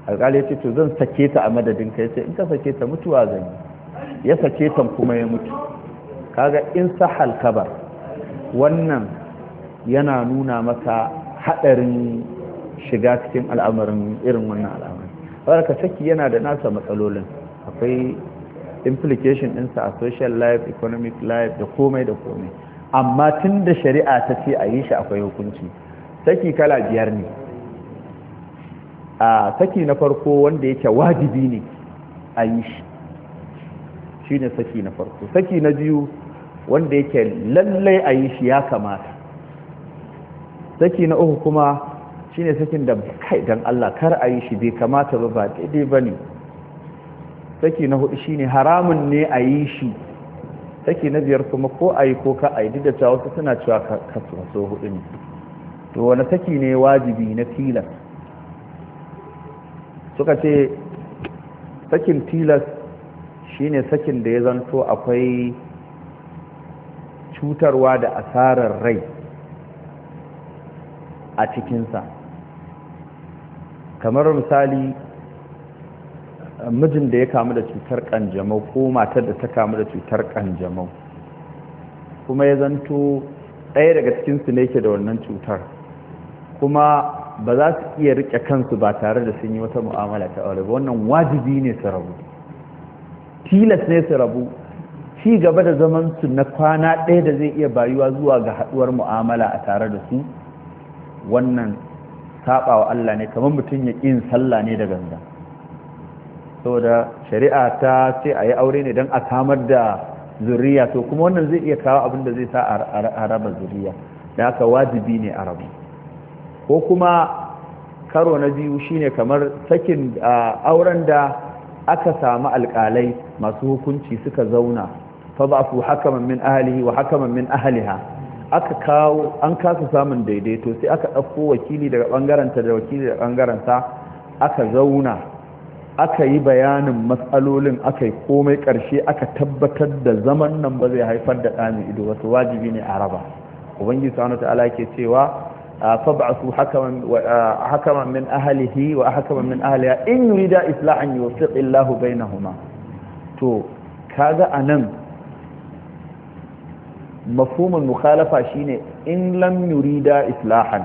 alkali ya ce to zan sake ta a madadin kai sai in ka sake ta mutuwa zan ya sake ta kuma ya mutu kaga in sahal kabar wannan yana nuna maka haɗarin shiga cikin al'amarin irin wannan al'amarin ka saki yana da nasa matsalolin akwai implication ɗinsa a social life economic life da komai da komai amma tun da shari'a ta ce a yi shi akwai hukunci saki kala biyar ne a saki na farko wanda yake wajibi ne a yi shi shi ne saki na farko saki na biyu wanda yake lallai a yi shi ya kamata saki na uku kuma ne sakin da kai dan Allah kar a yi shi bai kamata ba ba daidai ba ne saki na hudu shine haramun ne a yi shi saki na biyar kuma ko a yi ko ka a yi duk da cewa wasu suna cewa ka so hudu ne to wani saki ne wajibi na tilas suka ce sakin tilas shine sakin da ya zanto akwai cutarwa da asarar rai a cikinsa kamar misali mijin da ya kamu da cutar kanjamau ko matar da ta kamu da cutar kanjamau kuma ya zanto ɗaya daga cikinsu ne ke da wannan cutar kuma ba za su iya riƙe kansu ba tare da sun yi wata mu'amala ta aure ba wannan wajibi ne su rabu tilas ne su rabu ci gaba da zaman su na kwana ɗaya da zai iya bayuwa zuwa ga haɗuwar mu'amala a tare da su wannan saba wa Allah ne kamar mutum ya ƙin sallah ne da ganga saboda shari'a ta ce a yi aure ne don a samar da zuriya to kuma wannan zai iya kawo abin da zai sa a raba zuriya da aka wajibi ne a rabu ko kuma karo na biyu shine kamar sakin auren da aka samu alƙalai masu hukunci suka zauna fa ba su hakaman min ahalihi wa hakaman min ahaliha aka kawo an kasa samun daidaito sai aka ɗauko wakili daga ɓangaranta da wakili daga ɓangaranta aka zauna aka yi bayanin matsalolin aka yi komai ƙarshe aka tabbatar da zaman nan ba zai haifar da ɗani ido wasu wajibi ne a raba ubangiji sanu ala ke cewa su hakaman min ahalihi wa hakaman min ahliha in yurida islahan bai na bainahuma to kaga anan mafhumul mukhalafa shine in lam yurida islahan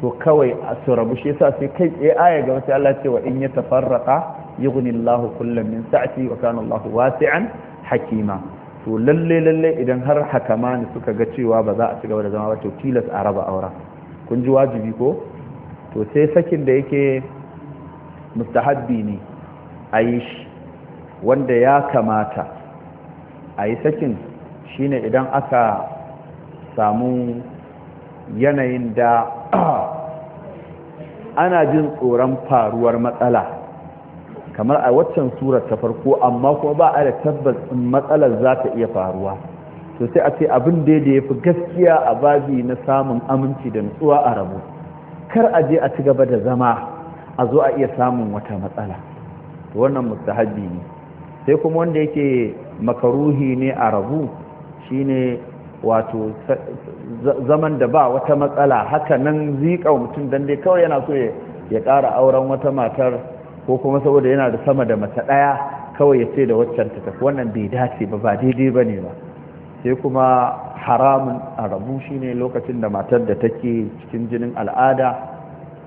to kawai a su rabu shi yasa sai kai sai aya ga wata Allah cewa in ya tafarraqa yughni Allah kullam min sa'ati wa kana Allah wasi'an hakima to lalle lalle idan har hakama ne suka ga cewa ba za a ci gaba da zama ba to tilas a raba aura kun ji wajibi ko to sai sakin da yake mustahabbi ne ayish wanda ya kamata a yi sakin shine idan aka samu yanayin da ana jin tsoron faruwar matsala kamar a waccan surar ta farko amma kuma ba a da tabbas in matsalar za ta iya faruwa to sai a ce abin da ya fi gaskiya a babi na samun aminci da nutsuwa a rabu kar a je a ci gaba da zama a zo a iya samun wata matsala to wannan mustahabi ne sai kuma wanda yake makaruhi ne a rabu shine wato zaman da ba wata matsala haka nan zika mutum don dai kawai yana so ya ƙara auren wata matar ko kuma saboda yana da sama da mata ɗaya kawai ya ce da waccan ta tafi wannan bai dace ba ba daidai ba ne ba sai kuma haramun a rabu ne lokacin da matar da take cikin jinin al'ada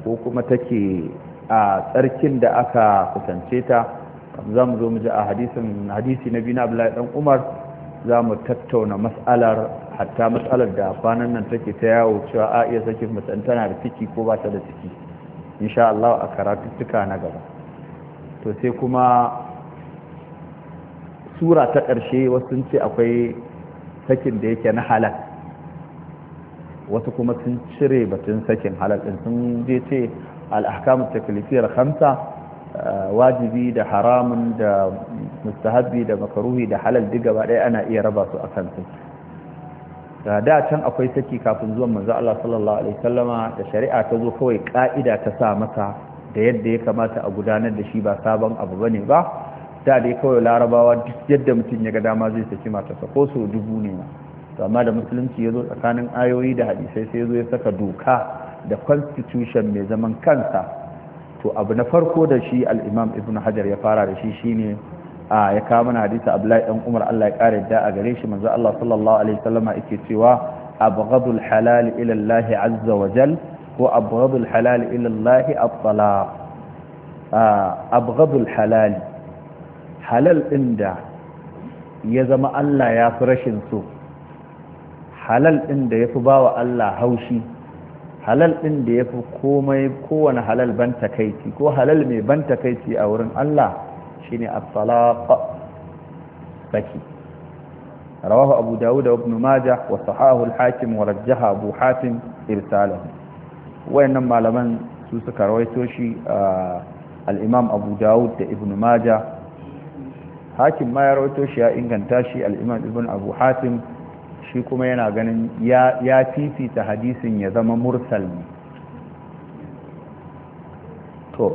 ko kuma take a tsarkin da aka kusance ta za mu zo mu ji a hadisi na biyu na abu dan umar za mu tattauna matsalar hatta matsalar da kwanan nan take ta yawo cewa a iya sakin mutum tana da ciki ko ba ta da ciki insha Allah a karatuttuka na gaba to sai kuma sura ta ƙarshe wasu sun ce akwai sakin da yake na halal wasu kuma sun cire batun sakin halal din sun je ce al-ahkamu taklifiyar wajibi da haramun da mustahabbi da makaruhi da halal duk gaba ɗaya ana iya raba su a kan da da can akwai saki kafin zuwan manzo Allah sallallahu alaihi wasallama da shari'a ta zo kawai ka'ida ta sa masa da yadda ya kamata a gudanar da shi ba sabon abu bane ba da dai kawai larabawa duk yadda mutum ya ga dama zai saki matarsa ko su dubu ne ma to amma da musulunci ya zo tsakanin ayoyi da hadisai sai ya ya saka doka da constitution mai zaman kansa to abu na farko da shi al'imam ibn hajar ya fara da shi shine a ya kama na hadisa abdullahi dan umar allah ya kare da a gare shi manzo allah sallallahu alaihi wasallama yake cewa abghadul halal ila allah azza wa jal ko abghadul halal ila allah at-talaq abghadul halal halal inda ya zama allah ya fi rashin so halal inda ya fi bawa allah haushi halal ɗin da ya fi komai kowane halal ban takaici ko halal mai ban takaici a wurin Allah shi ne asalaƙa saki rawahu abu dawud da ibn majah wa sahahu al-hakim wa rajjaha abu hatim irsalahu wayannan malaman su suka rawaito shi al-imam abu dawud da ibn maja hakim ma ya rawaito shi ya inganta shi al-imam ibn abu hatim shi kuma yana ganin ya fifita hadisin ya zama mursal ne to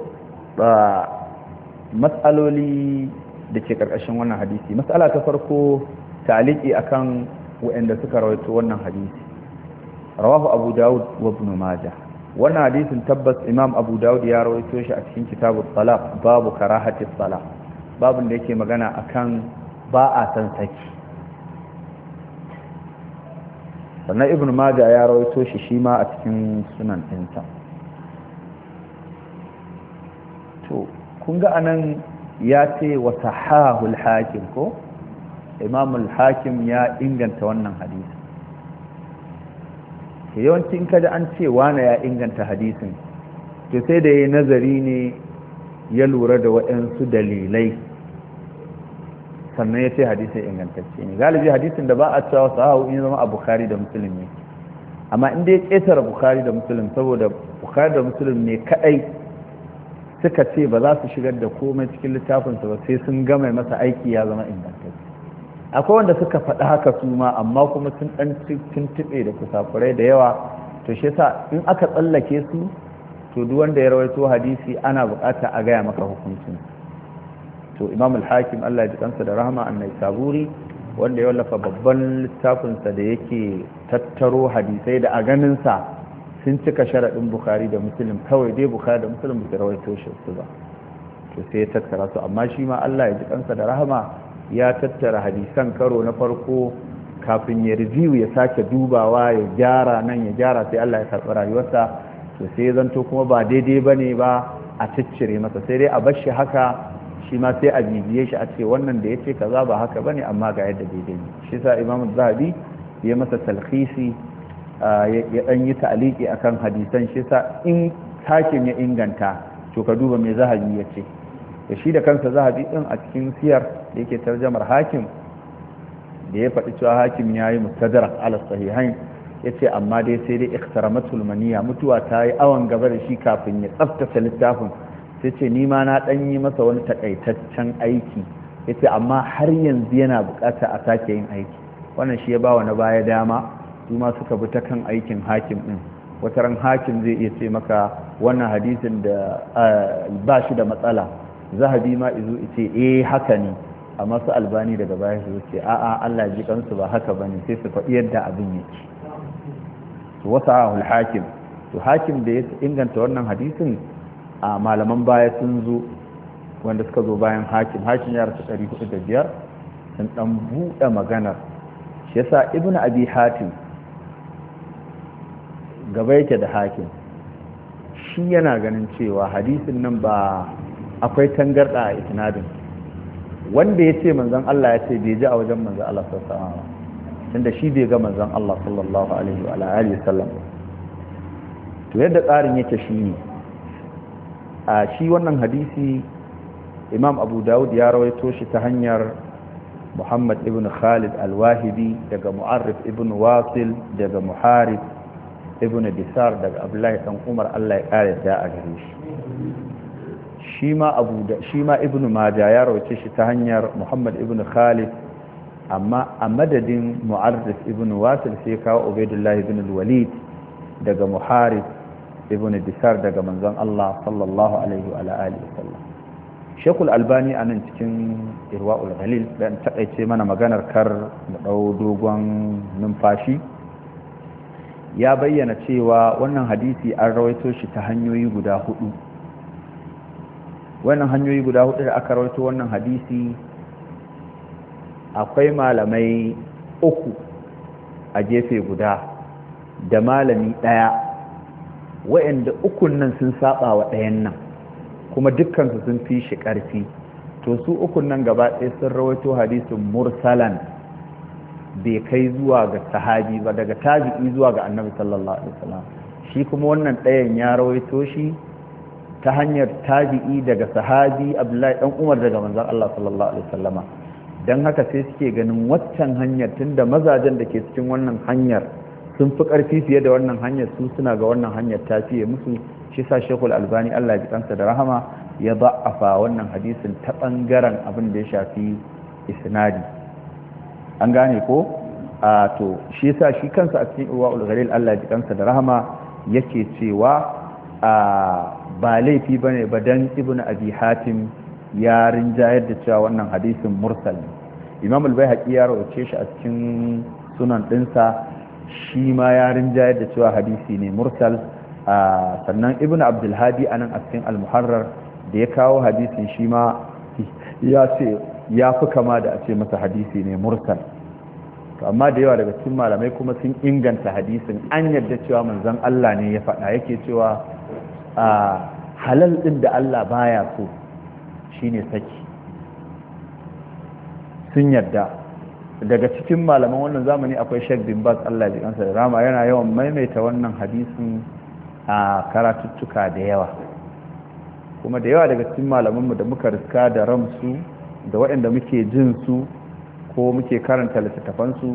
ba matsaloli da ke karkashin wannan hadisi matsala ta farko taliki akan waɗanda suka rawaito wannan hadisi rawahu abu dawud wa bunu Maja, wannan hadisin tabbas imam abu dawud ya rawaito shi a cikin kitabun Salaf babu karahati Salaf babun da yake magana akan ba a san saki sannan ibn maja ya rawaito shi shi ma a cikin sunan ɗinsa to kun ga anan ya ce wa sahahul hakim ko imamul hakim ya inganta wannan hadisi yawanci in kada an ce wane ya inganta hadisin to sai da ya nazari ne ya lura da waɗansu dalilai sannan ya ce hadisi ingantacce ne galibi hadisin da ba a cewa sahahu in zama a bukari da musulmi amma in dai ƙetare bukari da musulmi saboda bukari da musulmi ne kaɗai suka ce ba za su shigar da komai cikin littafinsa ba sai sun gama masa aiki ya zama ingantacce akwai wanda suka faɗi haka su ma amma kuma sun ɗan tuntuɓe da kusakurai da yawa to shi yasa in aka tsallake su to duk wanda ya rawaito hadisi ana buƙata a gaya maka hukuncin to imam al-hakim Allah ya ji kansa da rahama annai saburi wanda ya wallafa babban littafinsa da yake tattaro hadisai da a ganinsa sun cika sharaɗin bukari da musulun kawai dai bukari da musulun ba su rawaito shi su ba to sai ya tattara su amma shi ma Allah ya ji kansa da rahama ya tattara hadisan karo na farko kafin ya review ya sake dubawa ya gyara nan ya gyara sai Allah ya karɓi rayuwarsa to sai zanto kuma ba daidai bane ba a ciccire masa sai dai a bar shi haka shi ma sai a bibiye shi a ce wannan da ya ce kaza ba haka ba ne amma ga yadda daidai ne shi sa imamu zahabi ya masa talhisi ya dan yi ta'aliki akan hadisan shi sa in takin ya inganta to ka duba mai zahabi ya ce da shi da kansa zahabi ɗin a cikin siyar da yake tarjamar hakim da ya faɗi cewa hakim ya yi mutadar ala sahihain ya ce amma dai sai dai ikhtaramatul maniya mutuwa ta yi awon gaba da shi kafin ya tsaftace littafin sai ce ni ma na ɗan yi masa wani takaitaccen aiki ya ce amma har yanzu yana bukata a sake yin aiki wannan shi ya ba wani na baya dama su ma suka bi ta kan aikin hakim ɗin wata ran hakim zai iya ce maka wannan hadisin da ba shi da matsala zahabi ma izu ce eh haka ne amma su albani daga baya su ce a'a Allah ji kansu ba haka bane sai su faɗi yadda abin yake to wasa hakim to hakim da ya inganta wannan hadisin a malaman baya sun zo wanda suka zo bayan hakim hakim ya rasu ɗari da biyar, sun ɗan buɗe maganar shi yasa Ibn abi hatim gaba yake da hakim shi yana ganin cewa hadisin nan ba akwai tangarɗa a itinadin wanda ya ce manzan Allah ya ce bai ji a wajen manzan Allah sallallahu alaihi tunda shi bai ga manzan Allah sallallahu alaihi wa alihi sallam to yadda tsarin yake shi ne a shi wannan hadisi imam abu dawud ya rawaito shi ta hanyar muhammad ibn khalid al-wahidi daga mu'arrif ibn wasil daga muharib ibn bisar daga abdullahi dan umar allah ya kare da a gare shi shi ma ibn maja ya rawaito shi ta hanyar muhammad ibn khalid amma a madadin mu'arrif ibn wasil sai kawo ubaidullah ibn walid daga muharib ibn bisar daga manzon Allah sallallahu alaihi wa alihi sallam shekul albani a nan cikin irwa'ul galil dan taƙaice mana maganar kar mu ɗau dogon numfashi ya bayyana cewa wannan hadisi an rawaito shi ta hanyoyi guda hudu wannan hanyoyi guda hudu da aka rawaito wannan hadisi akwai malamai uku a gefe guda da malami ɗaya wa'anda ukun nan sun saba wa ɗayan nan kuma dukkansu sun fi shi ƙarfi to su ukun nan gaba ɗaya sun rawaito hadisin mursalan bai kai zuwa ga sahabi ba daga tabi'i zuwa ga annabi sallallahu alaihi wasallam shi kuma wannan ɗayan ya rawaito shi ta hanyar tabi'i daga sahabi abdullahi dan umar daga manzon Allah sallallahu alaihi wasallama dan haka sai suke ganin waccan hanyar tunda mazajen da ke cikin wannan hanyar sun fi ƙarfi fiye da wannan hanyar su suna ga wannan hanyar ta fiye musu shi sa shekul albani allah ji kansa da rahama ya ba'afa wannan hadisin ta ɓangaren abin da ya shafi isnadi an gane ko a to shi sa shi kansa a cikin uwa ulgharil allah ji kansa da rahama yake cewa a ba laifi ba ne ba don ibn abi hatim ya rinjayar da cewa wannan hadisin mursal imam al haƙi ya rawace shi a cikin sunan ɗinsa shi ma ya rinjayar da cewa hadisi ne mursal sannan ibn abdulhadi a nan a cikin almuharrar da ya kawo hadisin shi ma ya ce ya fi kama da a ce masa hadisi ne mursal amma da yawa daga cikin malamai kuma sun inganta hadisin an yadda cewa manzon Allah ne ya faɗa yake cewa halal ɗin da Allah baya so shine saki sun yadda daga cikin malaman wannan zamani akwai Sheikh bin Baz Allah ya kansa da rama yana yawan maimaita wannan hadisin a karatuttuka da yawa kuma da yawa daga cikin malamanmu da muka riska da ramsu da waɗanda muke jin su ko muke karanta littattafansu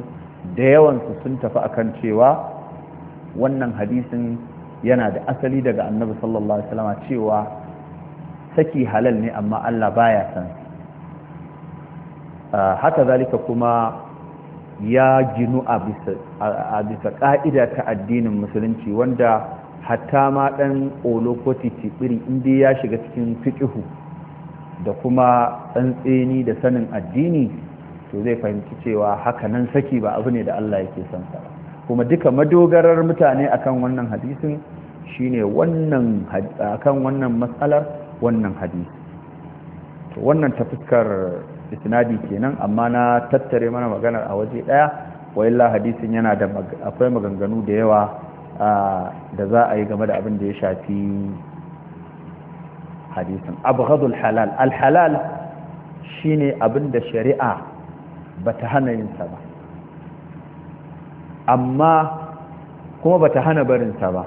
da yawansu sun tafi akan cewa wannan hadisin yana da asali daga annabi sallallahu alaihi wasallam cewa saki halal ne amma Allah baya san haka zalika kuma ya ginu a bisa ƙa'ida ta addinin musulunci wanda hatta ma ɗan olokoti tibiri inda ya shiga cikin fiƙihu da kuma tsantseni da sanin addini to zai fahimci cewa haka nan saki ba abu ne da Allah yake son sa kuma duka madogarar mutane akan wannan hadisin shine wannan akan wannan matsalar wannan hadisi wannan ta fuskar isnadi kenan amma na tattare mana maganar a waje daya wa'illa hadisin yana da akwai maganganu da yawa da za a yi game da abin da ya shafi hadisin abghadul halal alhalal shine abin da shari'a ba ta hana yinsa ba amma kuma ba ta hana barinsa ba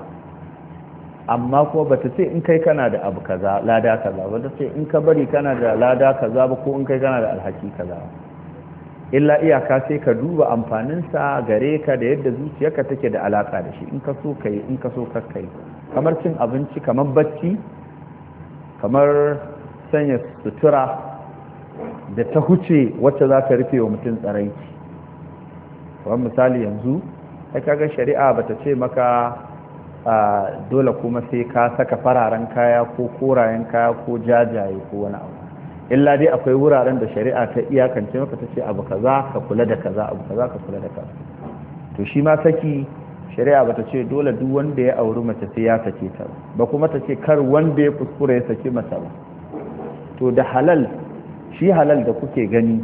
amma ko bata ce in kai kana da abu kaza lada kaza ba ta ce in ka bari kana da lada kaza ba ko in kai kana da alhaki kaza illa iyaka sai ka duba amfaninsa gare ka da yadda zuciyarka take da alaka da shi in ka so kai in ka so kai kamar cin abinci kamar bacci kamar sanya sutura da ta huce wacce za ta rufe wa mutum tsaraici kamar misali yanzu ai kaga shari'a bata ce maka dole kuma sai ka saka fararen kaya ko korayen kaya ko jajaye ko wani abu illa dai akwai wuraren da shari'a ta iyakance maka ta ce abu kaza ka kula da kaza abu kaza ka kula da kaza to shi ma saki shari'a bata ce dole duk wanda ya auri mace sai ya sake ta ba kuma ta ce kar wanda ya kuskura ya saki mace ba to da halal shi halal da kuke gani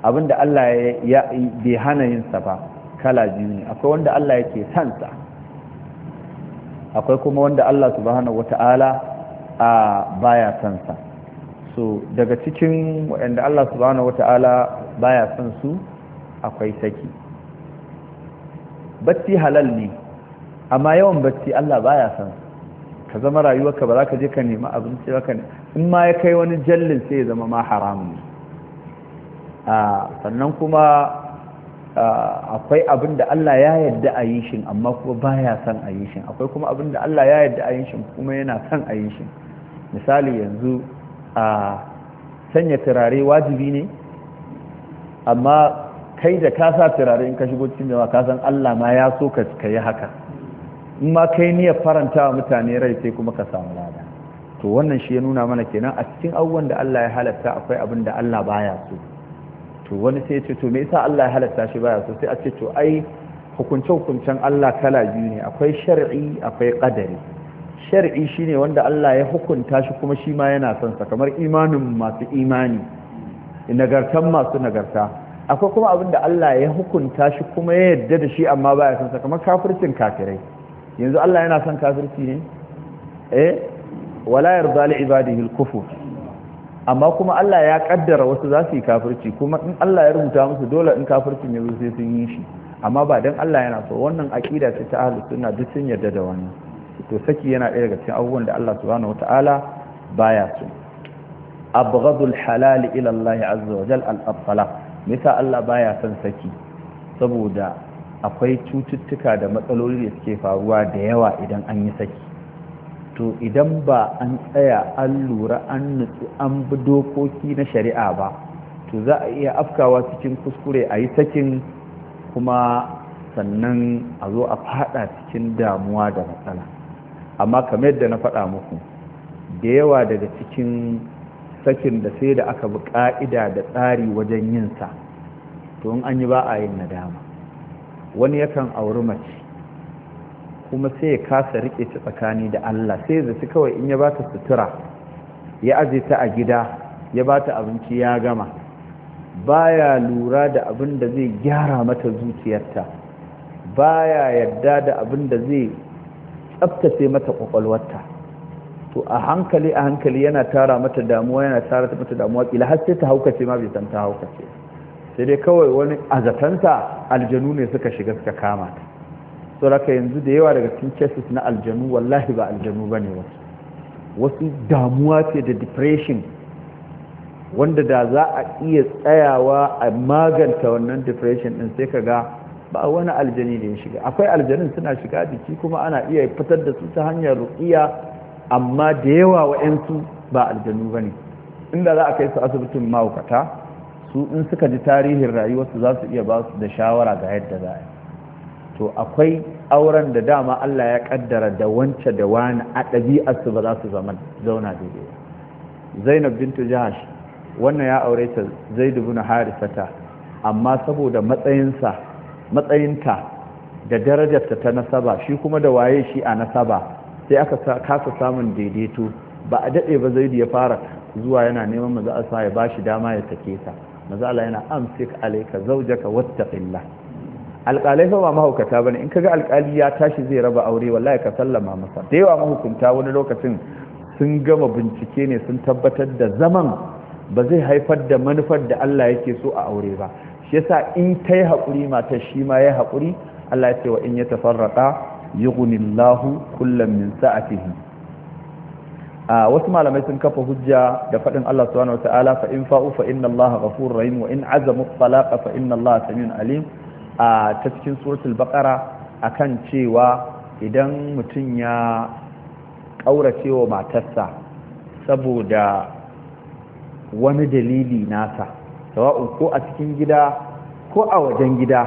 abinda Allah ya bai hana yin sa ba kala biyu ne akwai wanda Allah yake sansa sa akwai kuma wanda Allah subhanahu wata'ala a baya sansa. sa so daga cikin wanda Allah subhanahu wata'ala baya san su akwai saki bacci halal ne amma yawan bacci Allah baya son ka zama rayuwarka ba za ka je ka nemi abinci ba ka in ma ya kai wani jallin sai ya zama ma haramun a sannan kuma Ah, akwai abin da Allah ya yarda a yi shi amma kuma baya son a yi shi akwai kuma abin da Allah ya yarda a yi shi kuma yana son a yi shi misali yanzu a ah, sanya turare wajibi ne amma kai da ka sa turare in ka shigo cikin jama'a ka san Allah ma ya so ka yi haka in ma kai niyya faranta wa mutane rai sai kuma ka samu lada to wannan shi ya nuna mana kenan a cikin abubuwan da Allah ya halatta akwai abin da Allah baya so to wani sai ce to me yasa Allah ya halatta shi baya so sai a ce to ai hukunce hukuncen Allah kala biyu ne akwai shar'i akwai qadari shar'i shine wanda Allah ya hukunta shi kuma shi ma yana son sa kamar imanin masu imani nagartan masu nagarta akwai kuma abin da Allah ya hukunta shi kuma ya yarda da shi amma baya son sa kamar kafircin kafirai yanzu Allah yana son kafirci ne eh wala yarda li ibadihi al-kufur amma kuma Allah ya kaddara wasu za su yi kafirci kuma in Allah ya rubuta musu dole in kafirci ya sai sun yi shi amma ba dan Allah yana so wannan aƙida ce ta ahlus sunna duk sun yarda da wannan to saki yana daya daga cikin abubuwan da Allah subhanahu wataala baya so abghadul halal ila Allah azza wajal al abtala misa Allah baya son saki saboda akwai cututtuka da matsaloli da suke faruwa da yawa idan an yi saki to idan ba an tsaya an lura an nutsu an bi dokoki na shari'a ba to za a iya afkawa cikin kuskure a yi sakin kuma sannan a zo a fada cikin damuwa da matsala amma kamar yadda na faɗa muku da yawa daga cikin sakin da sai da aka bi ƙa'ida da tsari wajen yinsa to in an yi ba a yin nadama wani yakan auri mace kuma sai ya kasa rike ta tsakani da Allah sai zaci kawai in ya ba ta sutura ya aje ta a gida ya ba ta abinci ya gama baya lura da abin da zai gyara mata zuciyarta baya yarda da abin da zai tsaftace mata kwakwalwarta to a hankali a hankali yana tara mata damuwa yana tara mata damuwa kila har sai ta haukace ma bai san ta haukace sai dai kawai wani azatanta aljanu ne suka shiga suka kama ta da yanzu da yawa daga cikin cases na aljanu wallahi ba aljanu ba ne wasu wasu damuwa ce da depression wanda da za a iya tsayawa a maganta wannan depression din sai ka ga, ba wani aljani da ya shiga akwai aljanin suna shiga jiki kuma ana iya fitar da su ta hanyar ruqiya amma da yawa 'yansu ba aljanu ba ne. inda za a kai su asibitin mahaukata su in suka ji tarihin rayuwarsu za su iya ba su da shawara ga yadda za a yi to akwai auren da dama Allah ya kaddara da wance da wani a ɗabi'arsu ba za su zama zauna daidai zainab bintu jihar, wannan ya aure ta zaidu bin harisata amma saboda matsayinsa matsayinta da darajarta ta nasaba shi kuma da waye shi a nasaba sai aka kasa samun daidaito ba a daɗe ba zaidu ya fara zuwa yana neman maza sa ya ba shi dama ya take ta maza yana amsik alaika zaujaka wattaqillah alƙalai fa ba mahaukata bane in kaga alƙali ya tashi zai raba aure wallahi ka sallama masa da yawa mahukunta wani lokacin sun gama bincike ne sun tabbatar da zaman ba zai haifar da manufar da Allah yake so a aure ba shi yasa in ta yi haƙuri matar shi ma ya haƙuri Allah ya ce wa in ya yughni yughnillahu kullam min sa'atihi a wasu malamai sun kafa hujja da faɗin Allah subhanahu wa ta'ala fa in fa'u fa inna Allah ghafurur rahim wa in azamu talaqa fa inna Allah samiun alim a ta cikin suratul baqara akan cewa idan mutum ya ƙaurace matarsa saboda wani dalili nasa sawa'un ko a cikin gida ko a wajen gida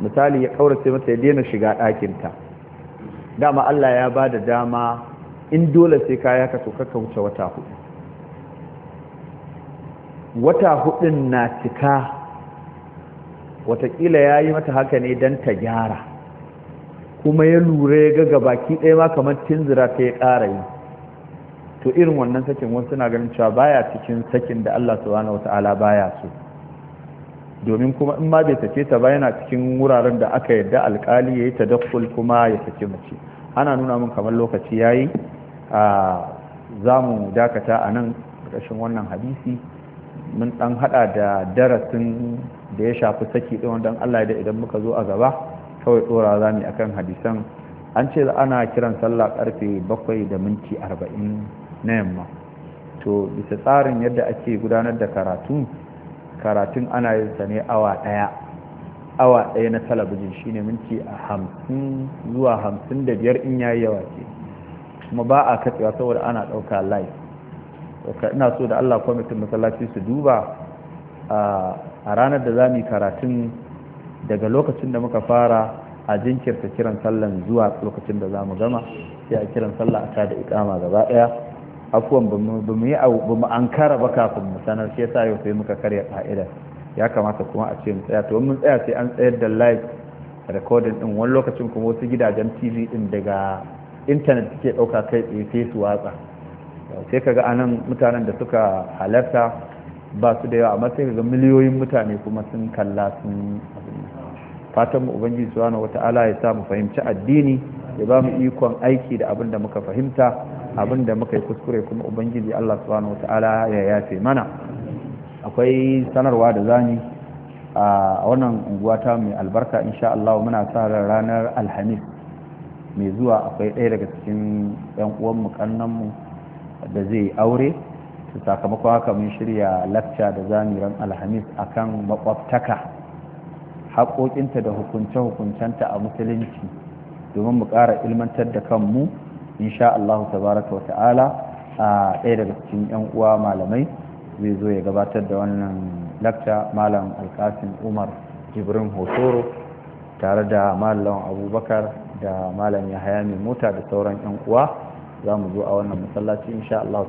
misali ya ƙaurace mata ya daina shiga ɗakinta dama Allah ya ba da dama in dole sai kaya ka soka ka wuce wata hudu wata hudun na cika watakila ya yi mata haka ne don ta gyara kuma ya lura ya ga baki ɗaya ma kamar tinzira ta ya ƙara yi to irin wannan sakin wasu suna ganin cewa baya cikin sakin da Allah subhanahu wata'ala baya so domin kuma in ma bai sake ta ba yana cikin wuraren da aka yarda alkali ya yi tadakkul kuma ya sake mace ana nuna min kamar lokaci ya yi za mu dakata a nan ƙarshen wannan hadisi mun ɗan haɗa da darasin da ya shafi saki ɗin wanda Allah ya da idan muka zo a gaba kawai ɗora za mu akan hadisan an ce ana kiran sallah karfe bakwai da minti arba'in na yamma to bisa tsarin yadda ake gudanar da karatu karatun ana yin sa ne awa ɗaya awa ɗaya na talabijin shine minti hamsin zuwa hamsin da biyar in yayi yawa ce kuma ba a katsewa saboda ana ɗauka live ina so da allah kwamitin masallaci su duba a ranar da za mu yi karatun daga lokacin da muka fara a jinkirta kiran sallan zuwa lokacin da za mu gama sai a kiran sallah a ta da ikama gaba daya afuwan ba mu yi ba mu an kara ba kafin mu sanar sai yasa yau sai muka karya ka'idar ya kamata kuma a ce mu tsaya to mun tsaya sai an tsayar da live recording din wani lokacin kuma wasu gidajen tv din daga intanet suke dauka kai tsaye sai su watsa sai kaga anan mutanen da suka halarta ba su da yawa amma sai ga miliyoyin mutane kuma sun kalla sun fatan mu ubangiji subhanahu wata'ala ya sa mu fahimci addini ya ba mu ikon aiki da abin da muka fahimta abin da muka yi kuskure kuma ubangiji Allah subhanahu wata'ala ya yafe mana akwai sanarwa da zani a wannan unguwa ta mai albarka insha Allah muna sa ranar alhamis mai zuwa akwai ɗaya daga cikin 'yan uwanmu mu da zai aure sakamakon haka mun shirya lakca da zamiran alhamis a kan makwabtaka haƙoƙinta da hukunce-hukuncenta a musulunci domin mu ƙara ilmantar da kanmu insha Allah tabaraka wata'ala a ɗaya daga cikin 'yan uwa malamai zai zo ya gabatar da wannan lakta malam alkasin umar jibrin hotoro tare da malam abubakar da malam yahaya mai mota da sauran 'yan uwa za mu zo a wannan masallaci insha Allah